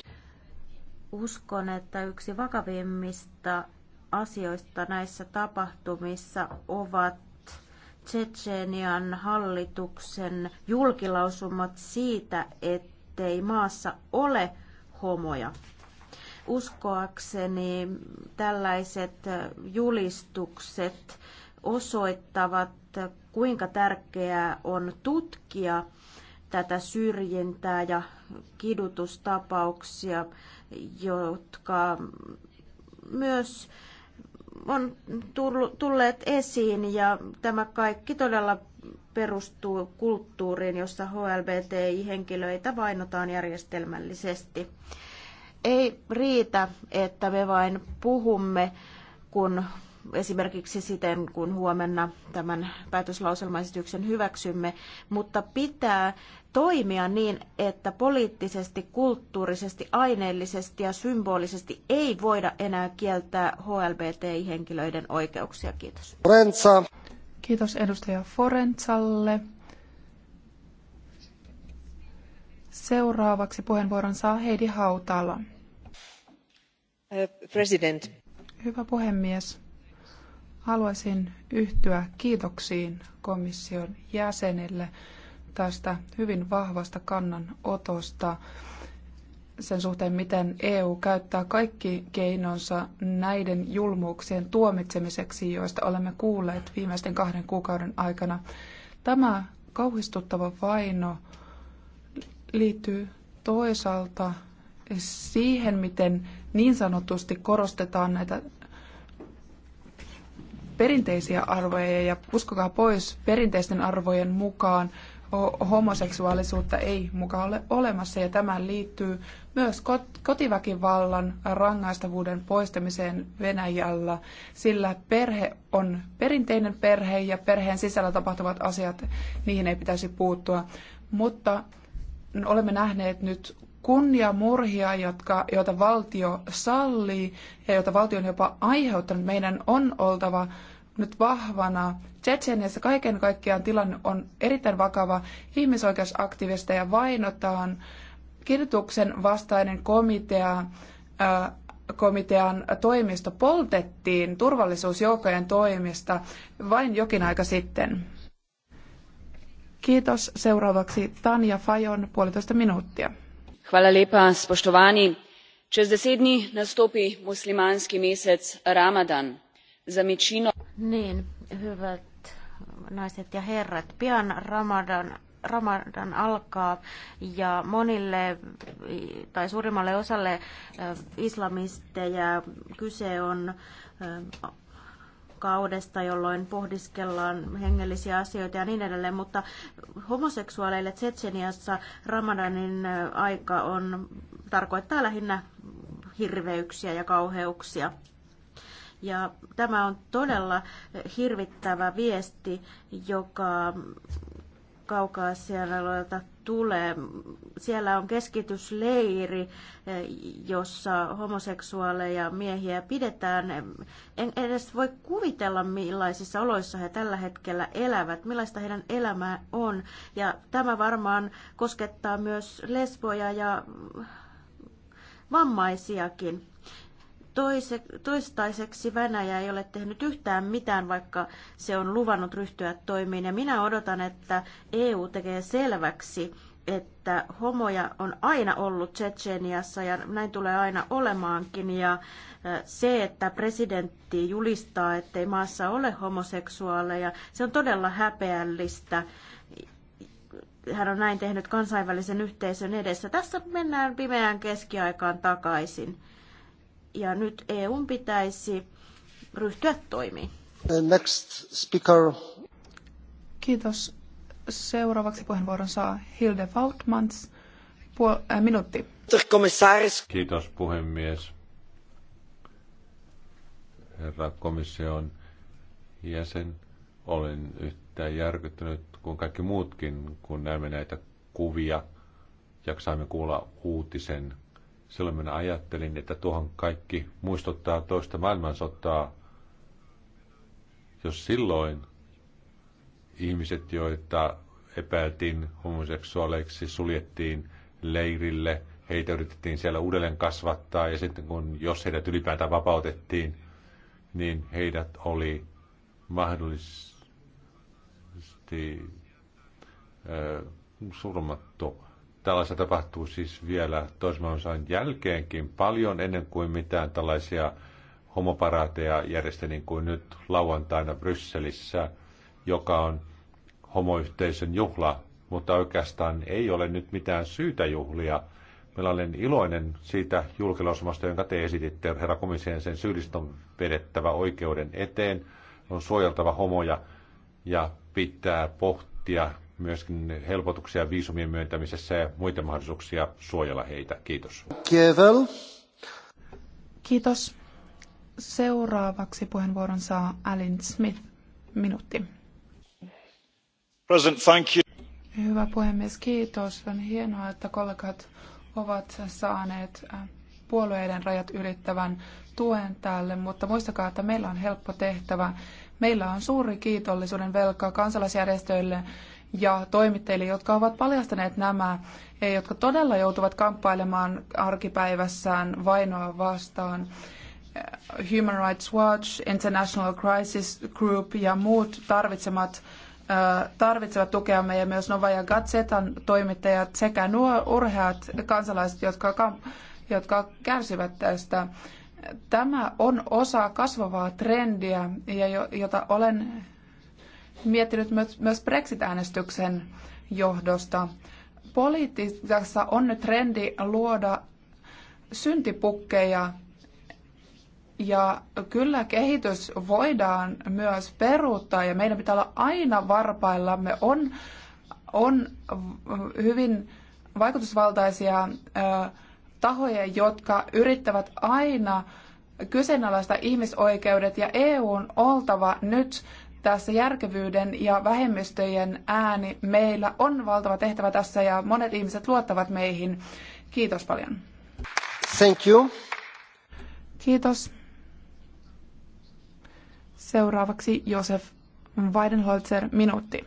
[SPEAKER 2] Uskon, että yksi vakavimmista asioista näissä tapahtumissa ovat Tsetseenian hallituksen julkilausumat siitä, ettei maassa ole homoja. Uskoakseni tällaiset julistukset osoittavat, kuinka tärkeää on tutkia tätä syrjintää ja kidutustapauksia, jotka myös on tulleet esiin ja tämä kaikki todella perustuu kulttuuriin, jossa HLBTI-henkilöitä vainotaan järjestelmällisesti. Ei riitä, että me vain puhumme, kun esimerkiksi siten, kun huomenna tämän päätöslauselmaesityksen hyväksymme, mutta pitää toimia niin, että poliittisesti, kulttuurisesti, aineellisesti ja symbolisesti ei voida enää kieltää HLBTI-henkilöiden oikeuksia. Kiitos.
[SPEAKER 1] Forenza. Kiitos edustaja Forenzalle. Seuraavaksi puheenvuoron saa Heidi Hautala. President. Hyvä puhemies. Haluaisin yhtyä kiitoksiin komission jäsenille tästä hyvin vahvasta kannanotosta sen suhteen, miten EU käyttää kaikki keinonsa näiden julmuuksien tuomitsemiseksi, joista olemme kuulleet viimeisten kahden kuukauden aikana. Tämä kauhistuttava vaino liittyy toisaalta siihen, miten niin sanotusti korostetaan näitä perinteisiä arvoja ja uskokaa pois perinteisten arvojen mukaan homoseksuaalisuutta ei mukaan ole olemassa ja tämä liittyy myös kotiväkivallan rangaistavuuden poistamiseen Venäjällä, sillä perhe on perinteinen perhe ja perheen sisällä tapahtuvat asiat, niihin ei pitäisi puuttua. Mutta olemme nähneet nyt kunniamurhia, jotka, joita valtio sallii ja joita valtio on jopa aiheuttanut. Meidän on oltava nyt vahvana. Tsetseniassa kaiken kaikkiaan tilanne on erittäin vakava. Ihmisoikeusaktivisteja vainotaan. Kirjoituksen vastainen komitea, komitean toimisto poltettiin turvallisuusjoukkojen toimista vain jokin aika sitten. Kiitos. Seuraavaksi Tanja Fajon, puolitoista minuuttia.
[SPEAKER 2] Hvala lepa, spoštovani. Čez deset dni nastopi muslimanski mesec Ramadan niin, hyvät naiset ja herrat, pian Ramadan Ramadan alkaa ja monille tai suurimmalle osalle islamisteja kyse on kaudesta, jolloin pohdiskellaan hengellisiä asioita ja niin edelleen, mutta homoseksuaaleille Tsetseniassa Ramadanin aika on, tarkoittaa lähinnä hirveyksiä ja kauheuksia. Ja tämä on todella hirvittävä viesti, joka kaukaa siellä tulee. Siellä on keskitysleiri, jossa homoseksuaaleja miehiä pidetään. En edes voi kuvitella, millaisissa oloissa he tällä hetkellä elävät, millaista heidän elämää on. Ja tämä varmaan koskettaa myös lesboja ja vammaisiakin. Toise, toistaiseksi Venäjä ei ole tehnyt yhtään mitään, vaikka se on luvannut ryhtyä toimiin. Ja minä odotan, että EU tekee selväksi, että homoja on aina ollut Tsetseniassa ja näin tulee aina olemaankin. Ja se, että presidentti julistaa, ettei maassa ole homoseksuaaleja, se on todella häpeällistä. Hän on näin tehnyt kansainvälisen yhteisön edessä. Tässä mennään pimeään keskiaikaan takaisin ja nyt EUn pitäisi ryhtyä toimiin.
[SPEAKER 1] Next speaker.
[SPEAKER 2] Kiitos. Seuraavaksi
[SPEAKER 1] puheenvuoron saa Hilde Vautmans. Puol- äh, minuutti.
[SPEAKER 3] Kiitos puhemies. Herra komission jäsen, olen yhtä järkyttynyt kuin kaikki muutkin, kun näemme näitä kuvia. Jaksamme kuulla uutisen Silloin minä ajattelin, että tuohon kaikki muistuttaa toista maailmansotaa. Jos silloin ihmiset, joita epäiltiin homoseksuaaleiksi, suljettiin leirille, heitä yritettiin siellä uudelleen kasvattaa ja sitten kun, jos heidät ylipäätään vapautettiin, niin heidät oli mahdollisesti äh, surmattu tällaista tapahtuu siis vielä toisen jälkeenkin paljon ennen kuin mitään tällaisia homoparaateja järjestetään niin kuin nyt lauantaina Brysselissä, joka on homoyhteisön juhla, mutta oikeastaan ei ole nyt mitään syytä juhlia. Meillä olen iloinen siitä julkilausumasta, jonka te esititte, herra komissien sen syyllistä on vedettävä oikeuden eteen, on suojeltava homoja ja pitää pohtia, myöskin helpotuksia viisumien myöntämisessä ja muita mahdollisuuksia suojella heitä. Kiitos. Kievel.
[SPEAKER 1] Kiitos. Seuraavaksi puheenvuoron saa Alin Smith. Minuutti. President, thank you. Hyvä puhemies, kiitos. On hienoa, että kollegat ovat saaneet äh, puolueiden rajat ylittävän tuen tälle, mutta muistakaa, että meillä on helppo tehtävä. Meillä on suuri kiitollisuuden velka kansalaisjärjestöille, ja toimittajille, jotka ovat paljastaneet nämä ja jotka todella joutuvat kamppailemaan arkipäivässään vainoa vastaan. Human Rights Watch, International Crisis Group ja muut tarvitsemat tarvitsevat tukeamme ja myös Novaja Gazetan toimittajat sekä nuo urheat kansalaiset, jotka, jotka kärsivät tästä. Tämä on osa kasvavaa trendiä, ja jota olen miettinyt myös Brexit-äänestyksen johdosta. Politiikassa on nyt trendi luoda syntipukkeja ja kyllä kehitys voidaan myös peruuttaa ja meidän pitää olla aina varpaillamme. On, on hyvin vaikutusvaltaisia ö, tahoja, jotka yrittävät aina kyseenalaista ihmisoikeudet ja EU on oltava nyt tässä järkevyyden ja vähemmistöjen ääni. Meillä on valtava tehtävä tässä ja monet ihmiset luottavat meihin. Kiitos paljon. Thank you. Kiitos. Seuraavaksi Josef Weidenholzer, minuutti.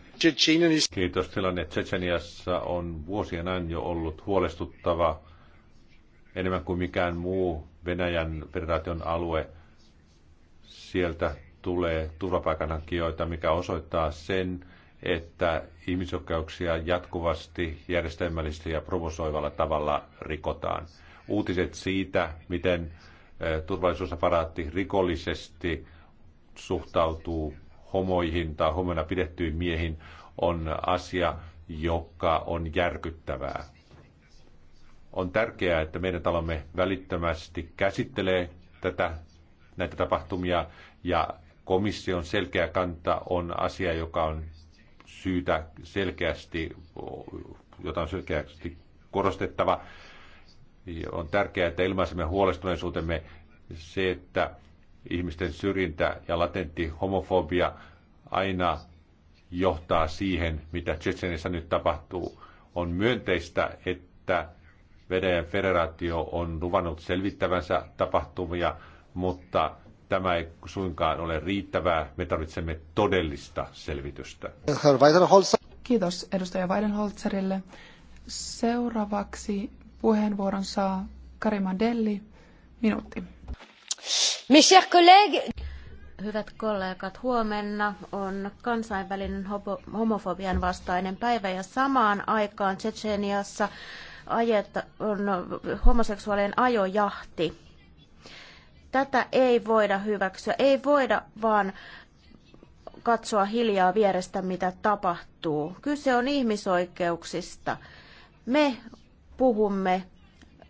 [SPEAKER 3] Kiitos. Tilanne Tsetseniassa on vuosien ajan jo ollut huolestuttava enemmän kuin mikään muu Venäjän federaation alue. Sieltä tulee turvapaikanhakijoita, mikä osoittaa sen, että ihmisoikeuksia jatkuvasti järjestelmällisesti ja provosoivalla tavalla rikotaan. Uutiset siitä, miten turvallisuusaparaatti rikollisesti suhtautuu homoihin tai homona pidettyihin miehiin, on asia, joka on järkyttävää. On tärkeää, että meidän talomme välittömästi käsittelee tätä, näitä tapahtumia ja Komission selkeä kanta on asia, joka on syytä selkeästi, jota on selkeästi korostettava. On tärkeää, että ilmaisemme huolestuneisuutemme se, että ihmisten syrjintä ja latentti homofobia aina johtaa siihen, mitä Tsetsenissä nyt tapahtuu. On myönteistä, että Venäjän federaatio on luvannut selvittävänsä tapahtumia, mutta tämä ei suinkaan ole riittävää. Me tarvitsemme todellista selvitystä.
[SPEAKER 1] Kiitos edustaja Weidenholzerille. Seuraavaksi puheenvuoron saa Karima Delli, minuutti. Mes chers
[SPEAKER 2] collègues, Hyvät kollegat, huomenna on kansainvälinen homofobian vastainen päivä ja samaan aikaan Tsetseniassa on homoseksuaalien ajojahti Tätä ei voida hyväksyä, ei voida vaan katsoa hiljaa vierestä, mitä tapahtuu. Kyse on ihmisoikeuksista. Me puhumme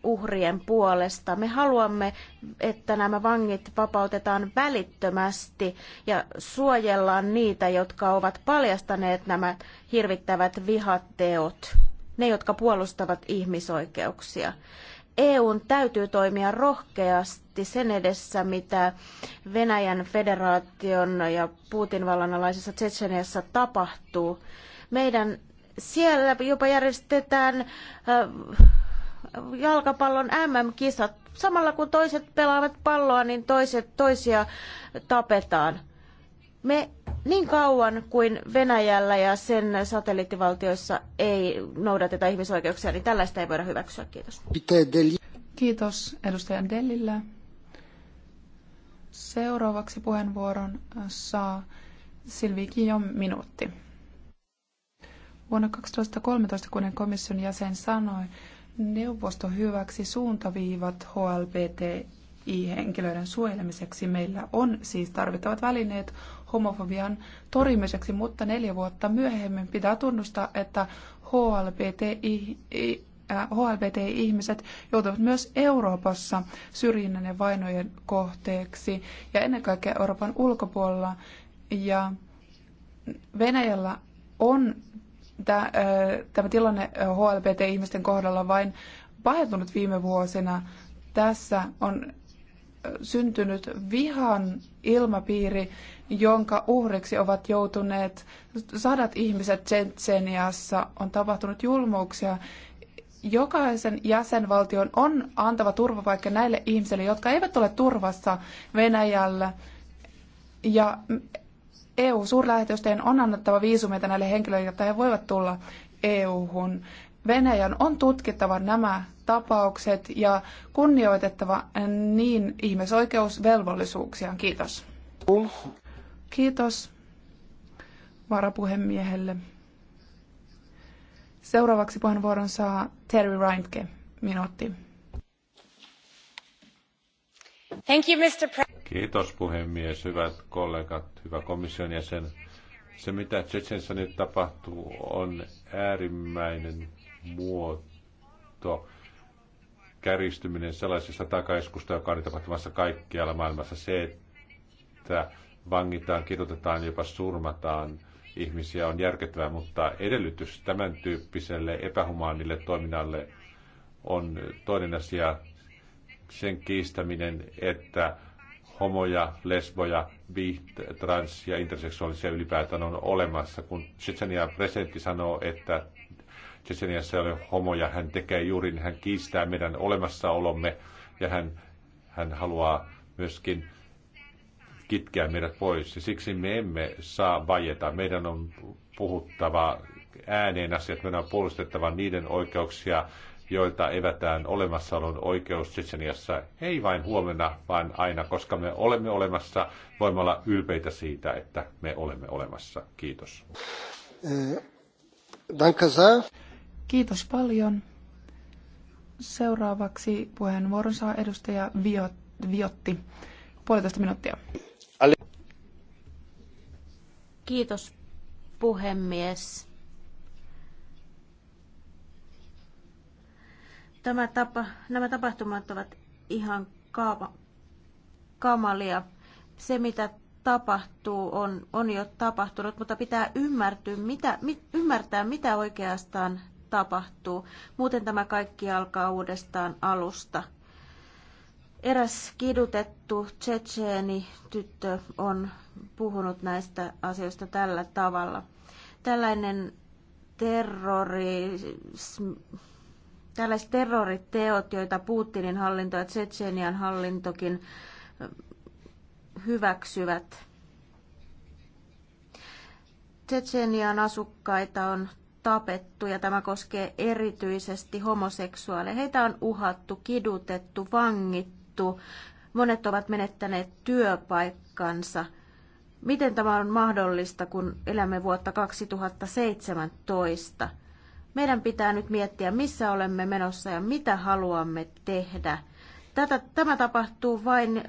[SPEAKER 2] uhrien puolesta. Me haluamme, että nämä vangit vapautetaan välittömästi ja suojellaan niitä, jotka ovat paljastaneet nämä hirvittävät vihateot, ne, jotka puolustavat ihmisoikeuksia. EUn täytyy toimia rohkeasti sen edessä, mitä Venäjän federaation ja Putin alaisessa Tsetseniassa tapahtuu. Meidän siellä jopa järjestetään äh, jalkapallon MM-kisat. Samalla kun toiset pelaavat palloa, niin toiset toisia tapetaan. Me niin kauan kuin Venäjällä ja sen satelliittivaltioissa ei noudateta ihmisoikeuksia, niin tällaista ei voida hyväksyä. Kiitos.
[SPEAKER 1] Kiitos edustajan Dellillä. Seuraavaksi puheenvuoron äh, saa Silvi Kijon minuutti. Vuonna 2013, kun komission jäsen sanoi, neuvosto hyväksi suuntaviivat HLBTI-henkilöiden suojelemiseksi. Meillä on siis tarvittavat välineet homofobian torjumiseksi, mutta neljä vuotta myöhemmin pitää tunnustaa, että HLBTI, HLBTI-ihmiset äh, joutuvat myös Euroopassa syrjinnän ja vainojen kohteeksi ja ennen kaikkea Euroopan ulkopuolella. Ja Venäjällä on äh, tämä tilanne HLBT-ihmisten kohdalla vain pahentunut viime vuosina. Tässä on syntynyt vihan ilmapiiri, jonka uhreksi ovat joutuneet sadat ihmiset Tsentseniassa, On tapahtunut julmuuksia. Jokaisen jäsenvaltion on antava turvapaikka näille ihmisille, jotka eivät ole turvassa Venäjällä. Ja eu suurlähetysten on annettava viisumeita näille henkilöille, jotta he voivat tulla EU-hun. Venäjän on tutkittava nämä tapaukset ja kunnioitettava niin ihmisoikeusvelvollisuuksiaan. Kiitos. Kiitos varapuhemiehelle. Seuraavaksi puheenvuoron saa Terry Reintke, minuutti.
[SPEAKER 2] Thank you, Mr. Pre-
[SPEAKER 3] Kiitos puhemies, hyvät kollegat, hyvä komission jäsen. Se, mitä Tsetsensä nyt tapahtuu, on äärimmäinen muoto, käristyminen sellaisesta takaiskusta, joka on tapahtumassa kaikkialla maailmassa. Se, että vangitaan, kidutetaan, jopa surmataan ihmisiä on järkettävää, mutta edellytys tämän tyyppiselle epähumaanille toiminnalle on toinen asia sen kiistäminen, että homoja, lesboja, bi, trans ja interseksuaalisia ylipäätään on olemassa. Kun Tsitsenian presidentti sanoo, että Tseseniassa ei ole homoja, hän tekee juuri, niin hän kiistää meidän olemassaolomme ja hän, hän haluaa myöskin kitkeä meidät pois. Ja siksi me emme saa vajeta. Meidän on puhuttava ääneen asiat, meidän on puolustettava niiden oikeuksia, joilta evätään olemassaolon oikeus Tsetseniassa. Ei vain huomenna, vaan aina, koska me olemme olemassa. Voimme olla ylpeitä siitä, että me olemme olemassa. Kiitos.
[SPEAKER 2] Eh, Danke
[SPEAKER 1] Kiitos paljon. Seuraavaksi puheenvuoron saa edustaja Viotti. Puolitoista minuuttia.
[SPEAKER 2] Kiitos puhemies. Tämä tapa, nämä tapahtumat ovat ihan kaava, kamalia. Se, mitä tapahtuu, on, on jo tapahtunut, mutta pitää ymmärtyä, mitä, mit, ymmärtää, mitä oikeastaan tapahtuu. Muuten tämä kaikki alkaa uudestaan alusta. Eräs kidutettu tsetseeni tyttö on puhunut näistä asioista tällä tavalla. Tällainen terrorismi, tällaiset terroriteot, joita Putinin hallinto ja Tsetseenian hallintokin hyväksyvät. Tsetseenian asukkaita on tapettu ja tämä koskee erityisesti homoseksuaaleja. Heitä on uhattu, kidutettu, vangittu. Monet ovat menettäneet työpaikkansa. Miten tämä on mahdollista, kun elämme vuotta 2017? Meidän pitää nyt miettiä, missä olemme menossa ja mitä haluamme tehdä. Tätä, tämä tapahtuu vain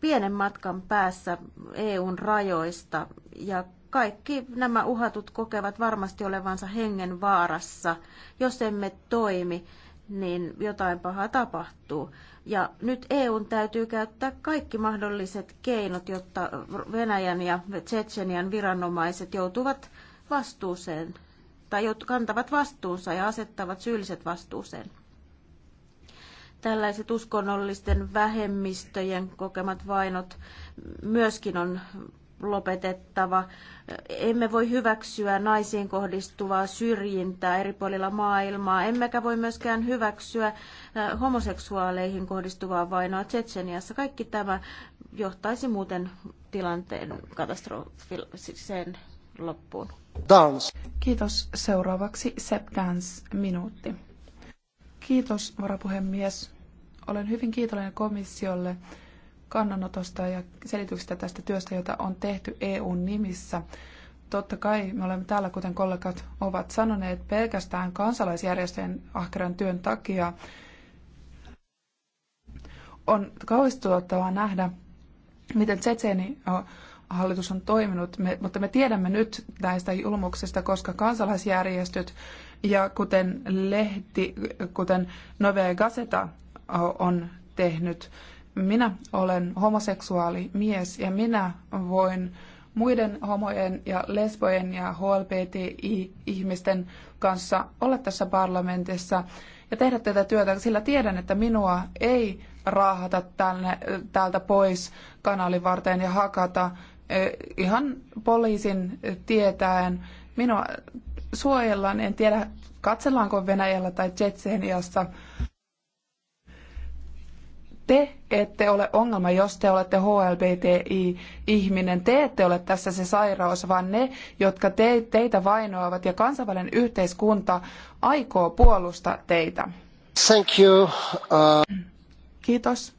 [SPEAKER 2] pienen matkan päässä EUn rajoista ja kaikki nämä uhatut kokevat varmasti olevansa hengen vaarassa. Jos emme toimi, niin jotain pahaa tapahtuu. Ja nyt EUn täytyy käyttää kaikki mahdolliset keinot, jotta Venäjän ja Tsetsenian viranomaiset joutuvat vastuuseen tai kantavat vastuunsa ja asettavat syylliset vastuuseen. Tällaiset uskonnollisten vähemmistöjen kokemat vainot myöskin on lopetettava. Emme voi hyväksyä naisiin kohdistuvaa syrjintää eri puolilla maailmaa, emmekä voi myöskään hyväksyä äh, homoseksuaaleihin kohdistuvaa vainoa Tsetseniassa. Kaikki tämä johtaisi muuten tilanteen katastrofiseen loppuun. Dance. Kiitos. Seuraavaksi Sepp
[SPEAKER 1] Dance, minuutti. Kiitos, varapuhemies. Olen hyvin kiitollinen komissiolle kannanotosta ja selityksestä tästä työstä, jota on tehty EUn nimissä. Totta kai me olemme täällä, kuten kollegat ovat sanoneet, pelkästään kansalaisjärjestöjen ahkeran työn takia. On kauhistuttavaa nähdä, miten Tsetseeni hallitus on toiminut, me, mutta me tiedämme nyt näistä julmuksista, koska kansalaisjärjestöt ja kuten lehti, kuten Novea Gazeta on tehnyt minä olen homoseksuaali mies ja minä voin muiden homojen ja lesbojen ja HLBTI-ihmisten kanssa olla tässä parlamentissa ja tehdä tätä työtä, sillä tiedän, että minua ei raahata tänne, täältä pois kanalin varten ja hakata e, ihan poliisin tietäen. Minua suojellaan, en tiedä katsellaanko Venäjällä tai Tsetseniassa te ette ole ongelma, jos te olette HLBTI-ihminen. Te ette ole tässä se sairaus, vaan ne, jotka te, teitä vainoavat ja kansainvälinen yhteiskunta aikoo puolustaa teitä. Thank you. Uh... Kiitos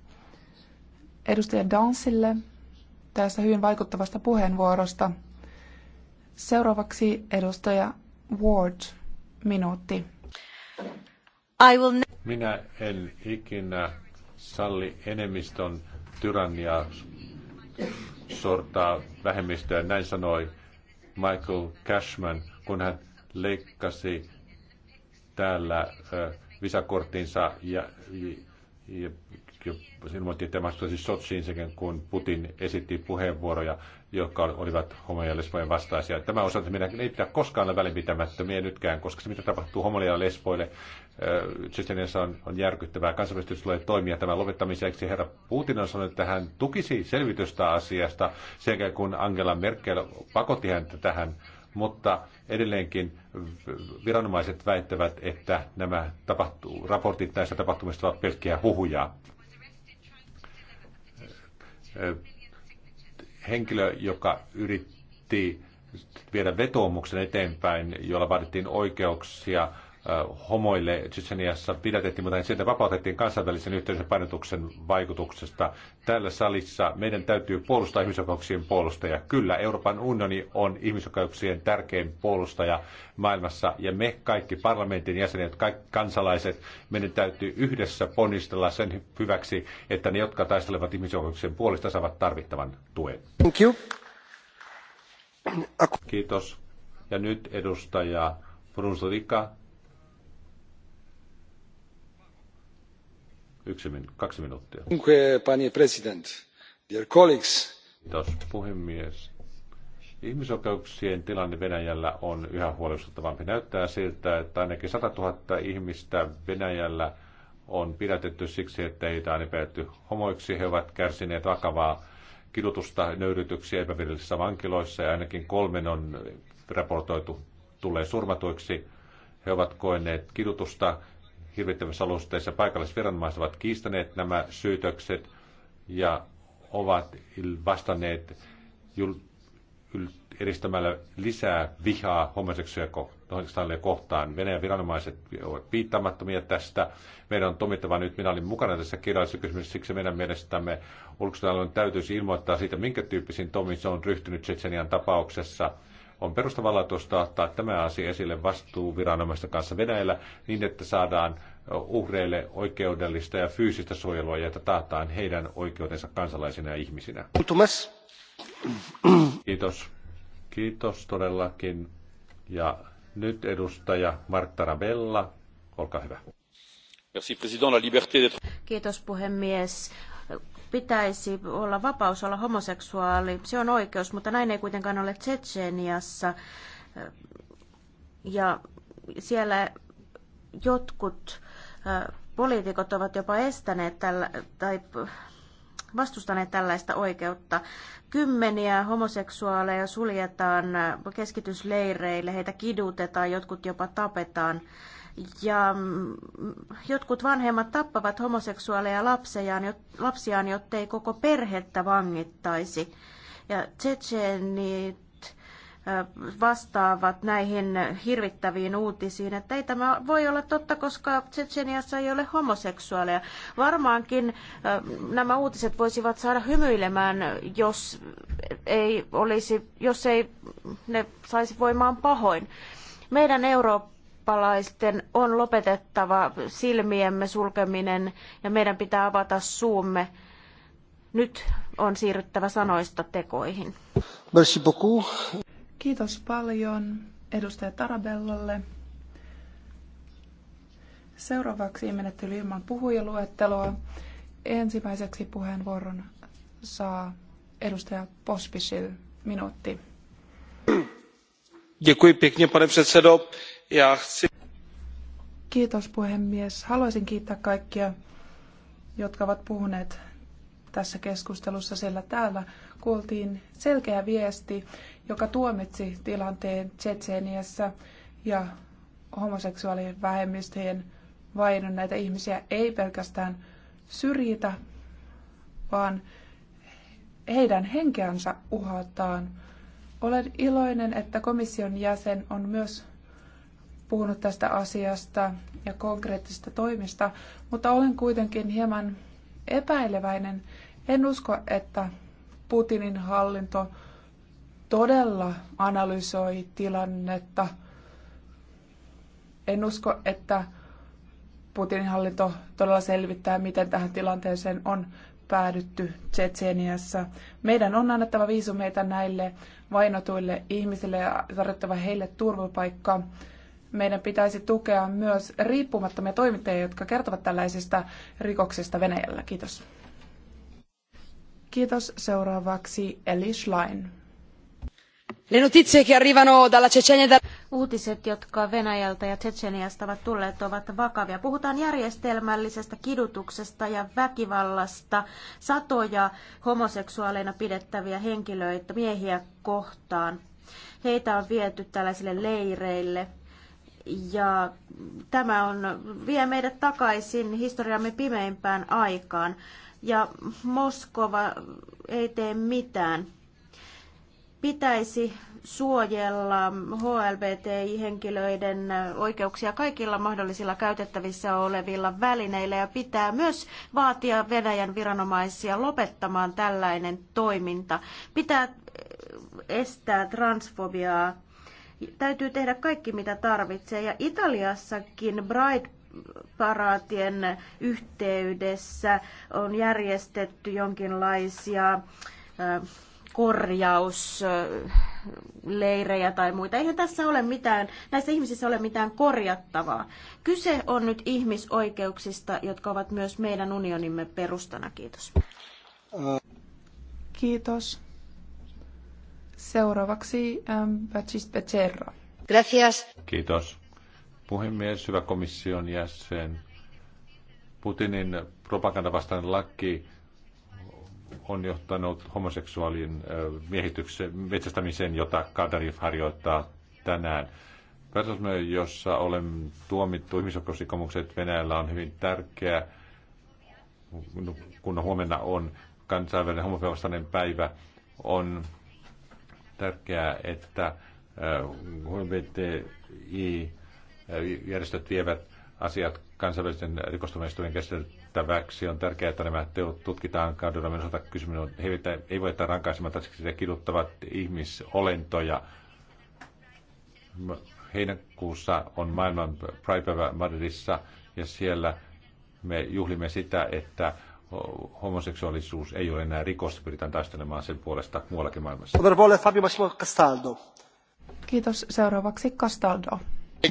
[SPEAKER 1] edustaja Dansille tästä hyvin vaikuttavasta puheenvuorosta. Seuraavaksi edustaja Ward, minuutti.
[SPEAKER 2] I will...
[SPEAKER 3] Minä en ikinä salli enemmistön tyranniaa sortaa vähemmistöä. Näin sanoi Michael Cashman, kun hän leikkasi täällä visakorttinsa ja, ja, ja ilmoitti, että siis Sotsiin sekä kun Putin esitti puheenvuoroja, jotka olivat homoja vastaisia. Tämä osalta meidän ei pitää koskaan olla välinpitämättömiä nytkään, koska se mitä tapahtuu homoille lesboille Tsetseniassa on, on järkyttävää. Kansainvälisesti tulee toimia tämän lopettamiseksi. Herra Putin on sanonut, että hän tukisi selvitystä asiasta sekä kun Angela Merkel pakotti häntä tähän. Mutta edelleenkin viranomaiset väittävät, että nämä tapahtuu, raportit näistä tapahtumista ovat pelkkiä huhuja. Henkilö, joka yritti viedä vetoomuksen eteenpäin, jolla vaadittiin oikeuksia homoille Tsetseniassa pidätettiin, mutta sieltä vapautettiin kansainvälisen yhteisön painotuksen vaikutuksesta. Täällä salissa meidän täytyy puolustaa ihmisoikeuksien puolustaja. Kyllä, Euroopan unioni on ihmisoikeuksien tärkein puolustaja maailmassa ja me kaikki parlamentin jäsenet, kaikki kansalaiset, meidän täytyy yhdessä ponnistella sen hyväksi, että ne, jotka taistelevat ihmisoikeuksien puolesta, saavat tarvittavan tuen. Thank you. Kiitos. Ja nyt edustaja Brunsovika Yksi, kaksi minuuttia.
[SPEAKER 2] Panie president, dear colleagues.
[SPEAKER 3] Kiitos puhemies. Ihmisoikeuksien tilanne Venäjällä on yhä huolestuttavampi. Näyttää siltä, että ainakin 100 000 ihmistä Venäjällä on pidätetty siksi, että heitä on epäilty homoiksi. He ovat kärsineet vakavaa kidutusta, nöyrytyksiä epävirallisissa vankiloissa ja ainakin kolmen on raportoitu tulee surmatuiksi. He ovat koeneet kidutusta, hirvittävissä olosuhteissa paikallisviranomaiset ovat kiistäneet nämä syytökset ja ovat vastanneet edistämällä lisää vihaa homoseksuaalia kohtaan. Venäjän viranomaiset ovat piittaamattomia tästä. Meidän on tomittava nyt, minä olin mukana tässä kirjallisessa kysymyksessä, siksi meidän mielestämme ulkosuudenhallinnon täytyisi ilmoittaa siitä, minkä tyyppisiin tomiin se on ryhtynyt Tsetsenian tapauksessa – on perustavanlaatuista ottaa tämä asia esille vastuuviranomaisten kanssa Venäjällä niin, että saadaan uhreille oikeudellista ja fyysistä suojelua ja että taataan heidän oikeutensa kansalaisina ja ihmisinä. Kiitos. Kiitos todellakin. Ja nyt edustaja Martta Rabella, olkaa hyvä.
[SPEAKER 2] Kiitos puhemies pitäisi olla vapaus olla homoseksuaali. Se on oikeus, mutta näin ei kuitenkaan ole Tsetseeniassa. Ja siellä jotkut poliitikot ovat jopa estäneet tällä, tai vastustaneet tällaista oikeutta. Kymmeniä homoseksuaaleja suljetaan keskitysleireille, heitä kidutetaan, jotkut jopa tapetaan. Ja mm, jotkut vanhemmat tappavat homoseksuaaleja lapsiaan, lapsiaan jottei koko perhettä vangittaisi. Ja tsetseenit vastaavat näihin hirvittäviin uutisiin, että ei tämä voi olla totta, koska Tsetseniassa ei ole homoseksuaaleja. Varmaankin nämä uutiset voisivat saada hymyilemään, jos ei, olisi, jos ei ne saisi voimaan pahoin. Meidän Eurooppa eurooppalaisten on lopetettava silmiemme sulkeminen ja meidän pitää avata suumme. Nyt on siirryttävä sanoista tekoihin.
[SPEAKER 3] Merci beaucoup.
[SPEAKER 2] Kiitos paljon edustaja Tarabellalle.
[SPEAKER 1] Seuraavaksi menettely ilman puhujaluetteloa. Ensimmäiseksi puheenvuoron saa edustaja Pospisil minuutti.
[SPEAKER 3] Děkuji pěkně, pane předsedo. Ja...
[SPEAKER 1] Kiitos puhemies. Haluaisin kiittää kaikkia, jotka ovat puhuneet tässä keskustelussa, sillä täällä kuultiin selkeä viesti, joka tuomitsi tilanteen Tsetseeniassa ja homoseksuaalien vähemmistöjen vainon. Näitä ihmisiä ei pelkästään syrjitä, vaan heidän henkeänsä uhataan. Olen iloinen, että komission jäsen on myös puhunut tästä asiasta ja konkreettisista toimista, mutta olen kuitenkin hieman epäileväinen. En usko, että Putinin hallinto todella analysoi tilannetta. En usko, että Putinin hallinto todella selvittää, miten tähän tilanteeseen on päädytty Tsetseniassa. Meidän on annettava viisumeita näille vainotuille ihmisille ja tarjottava heille turvapaikka meidän pitäisi tukea myös riippumattomia toimittajia, jotka kertovat tällaisista rikoksista Venäjällä. Kiitos. Kiitos.
[SPEAKER 2] Seuraavaksi Eli Schlein. Le notizie che arrivano dalla Cecenia e da... Uutiset, jotka Venäjältä ja Tsetseniasta ovat tulleet, ovat vakavia. Puhutaan järjestelmällisestä kidutuksesta ja väkivallasta satoja homoseksuaaleina pidettäviä henkilöitä miehiä kohtaan. Heitä on viety tällaisille leireille ja tämä on, vie meidät takaisin historiamme pimeimpään aikaan. Ja Moskova ei tee mitään. Pitäisi suojella HLBTI-henkilöiden oikeuksia kaikilla mahdollisilla käytettävissä olevilla välineillä ja pitää myös vaatia Venäjän viranomaisia lopettamaan tällainen toiminta. Pitää estää transfobiaa täytyy tehdä kaikki, mitä tarvitsee. Ja Italiassakin Bright paraatien yhteydessä on järjestetty jonkinlaisia korjausleirejä tai muita. Eihän tässä ole mitään, näissä ihmisissä ole mitään korjattavaa. Kyse on nyt ihmisoikeuksista, jotka ovat myös meidän unionimme perustana. Kiitos. Kiitos.
[SPEAKER 1] Seuraavaksi Batsis ähm, Becerra. Gracias.
[SPEAKER 3] Kiitos. Puhemies, hyvä komission jäsen. Putinin propagandavastainen laki on johtanut homoseksuaalin äh, miehityksen metsästämiseen, jota Kadarif harjoittaa tänään. Päätösmyö, jossa olen tuomittu ihmisoikeusrikomukset Venäjällä, on hyvin tärkeä, kun huomenna on kansainvälinen homofobivastainen päivä, on tärkeää, että HBTI-järjestöt vievät asiat kansainvälisten rikostuomioistuimen käsiteltäväksi. On tärkeää, että nämä teot tutkitaan kaudella osalta kysymys. Heitä ei voi jättää rankaisemaan, että kiduttavat ihmisolentoja. Heinäkuussa on maailman Pride-päivä Madridissa ja siellä me juhlimme sitä, että homoseksuaalisuus ei ole enää rikos, pyritään taistelemaan sen puolesta muuallakin maailmassa.
[SPEAKER 2] Kiitos. Seuraavaksi Castaldo.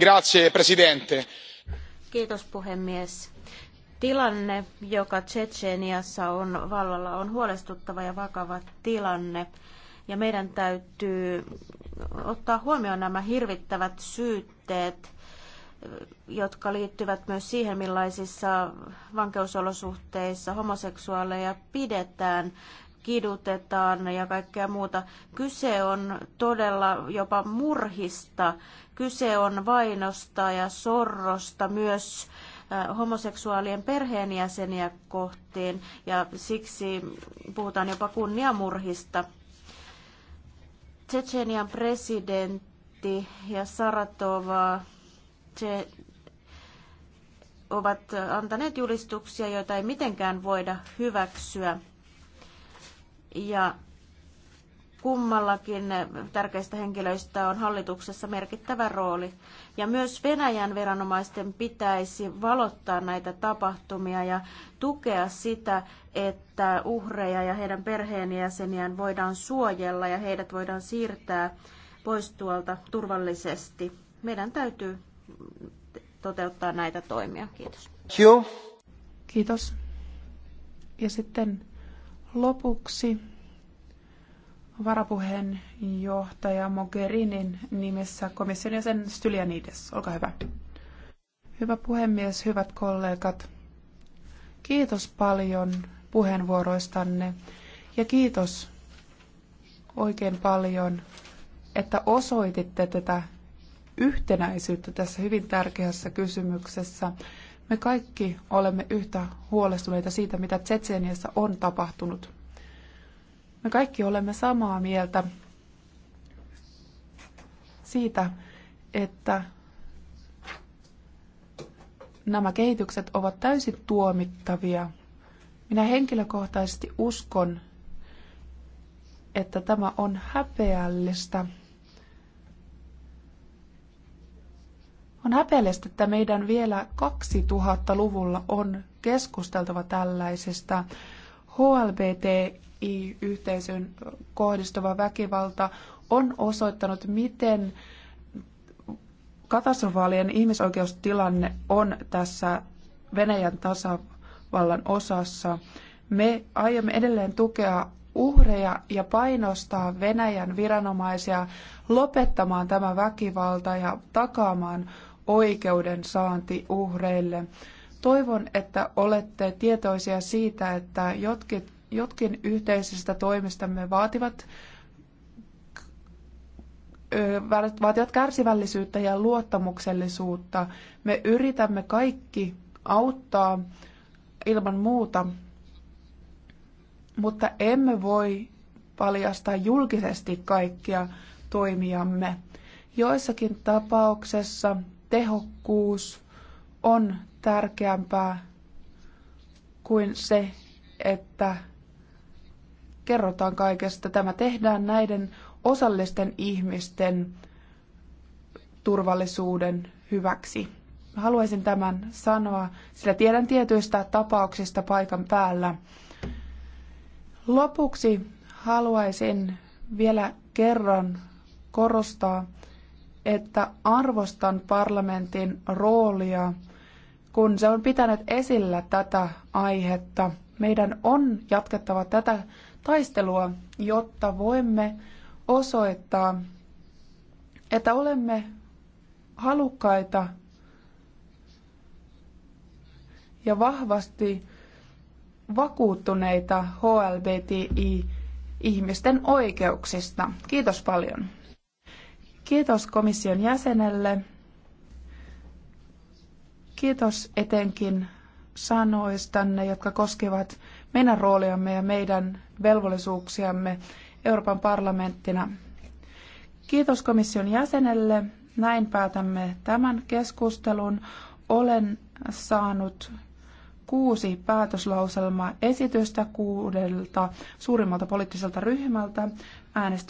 [SPEAKER 3] Grazie, presidente.
[SPEAKER 2] Kiitos puhemies. Tilanne, joka Tsetseeniassa on vallalla, on huolestuttava ja vakava tilanne. Ja meidän täytyy ottaa huomioon nämä hirvittävät syytteet jotka liittyvät myös siihen, millaisissa vankeusolosuhteissa homoseksuaaleja pidetään, kidutetaan ja kaikkea muuta. Kyse on todella jopa murhista. Kyse on vainosta ja sorrosta myös äh, homoseksuaalien perheenjäseniä kohtiin ja siksi puhutaan jopa kunniamurhista. Tsetsenian presidentti ja Saratova he ovat antaneet julistuksia, joita ei mitenkään voida hyväksyä. Ja kummallakin tärkeistä henkilöistä on hallituksessa merkittävä rooli. Ja myös Venäjän viranomaisten pitäisi valottaa näitä tapahtumia ja tukea sitä, että uhreja ja heidän perheenjäseniään voidaan suojella ja heidät voidaan siirtää pois tuolta turvallisesti. Meidän täytyy toteuttaa näitä toimia. Kiitos.
[SPEAKER 1] Kiitos. Ja sitten lopuksi varapuheenjohtaja Mogherinin nimessä komission jäsen Stylianides. Olkaa hyvä. Hyvä puhemies, hyvät kollegat. Kiitos paljon puheenvuoroistanne ja kiitos oikein paljon, että osoititte tätä yhtenäisyyttä tässä hyvin tärkeässä kysymyksessä. Me kaikki olemme yhtä huolestuneita siitä, mitä Tsetseniassa on tapahtunut. Me kaikki olemme samaa mieltä siitä, että nämä kehitykset ovat täysin tuomittavia. Minä henkilökohtaisesti uskon, että tämä on häpeällistä On häpeällistä, että meidän vielä 2000-luvulla on keskusteltava tällaisesta HLBTI-yhteisön kohdistuva väkivalta on osoittanut, miten katastrofaalinen ihmisoikeustilanne on tässä Venäjän tasavallan osassa. Me aiomme edelleen tukea uhreja ja painostaa Venäjän viranomaisia lopettamaan tämä väkivalta ja takaamaan oikeuden saanti uhreille. Toivon, että olette tietoisia siitä, että jotkin, jotkin yhteisistä toimistamme vaativat, vaativat kärsivällisyyttä ja luottamuksellisuutta. Me yritämme kaikki auttaa ilman muuta, mutta emme voi paljastaa julkisesti kaikkia toimijamme. Joissakin tapauksessa tehokkuus on tärkeämpää kuin se, että kerrotaan kaikesta. Tämä tehdään näiden osallisten ihmisten turvallisuuden hyväksi. Haluaisin tämän sanoa, sillä tiedän tietyistä tapauksista paikan päällä. Lopuksi haluaisin vielä kerran korostaa, että arvostan parlamentin roolia, kun se on pitänyt esillä tätä aihetta. Meidän on jatkettava tätä taistelua, jotta voimme osoittaa, että olemme halukkaita ja vahvasti vakuuttuneita HLBTI-ihmisten oikeuksista. Kiitos paljon. Kiitos komission jäsenelle. Kiitos etenkin sanoistanne, jotka koskevat meidän rooliamme ja meidän velvollisuuksiamme Euroopan parlamenttina. Kiitos komission jäsenelle. Näin päätämme tämän keskustelun. Olen saanut kuusi päätöslauselmaa esitystä kuudelta suurimmalta poliittiselta ryhmältä. Äänestys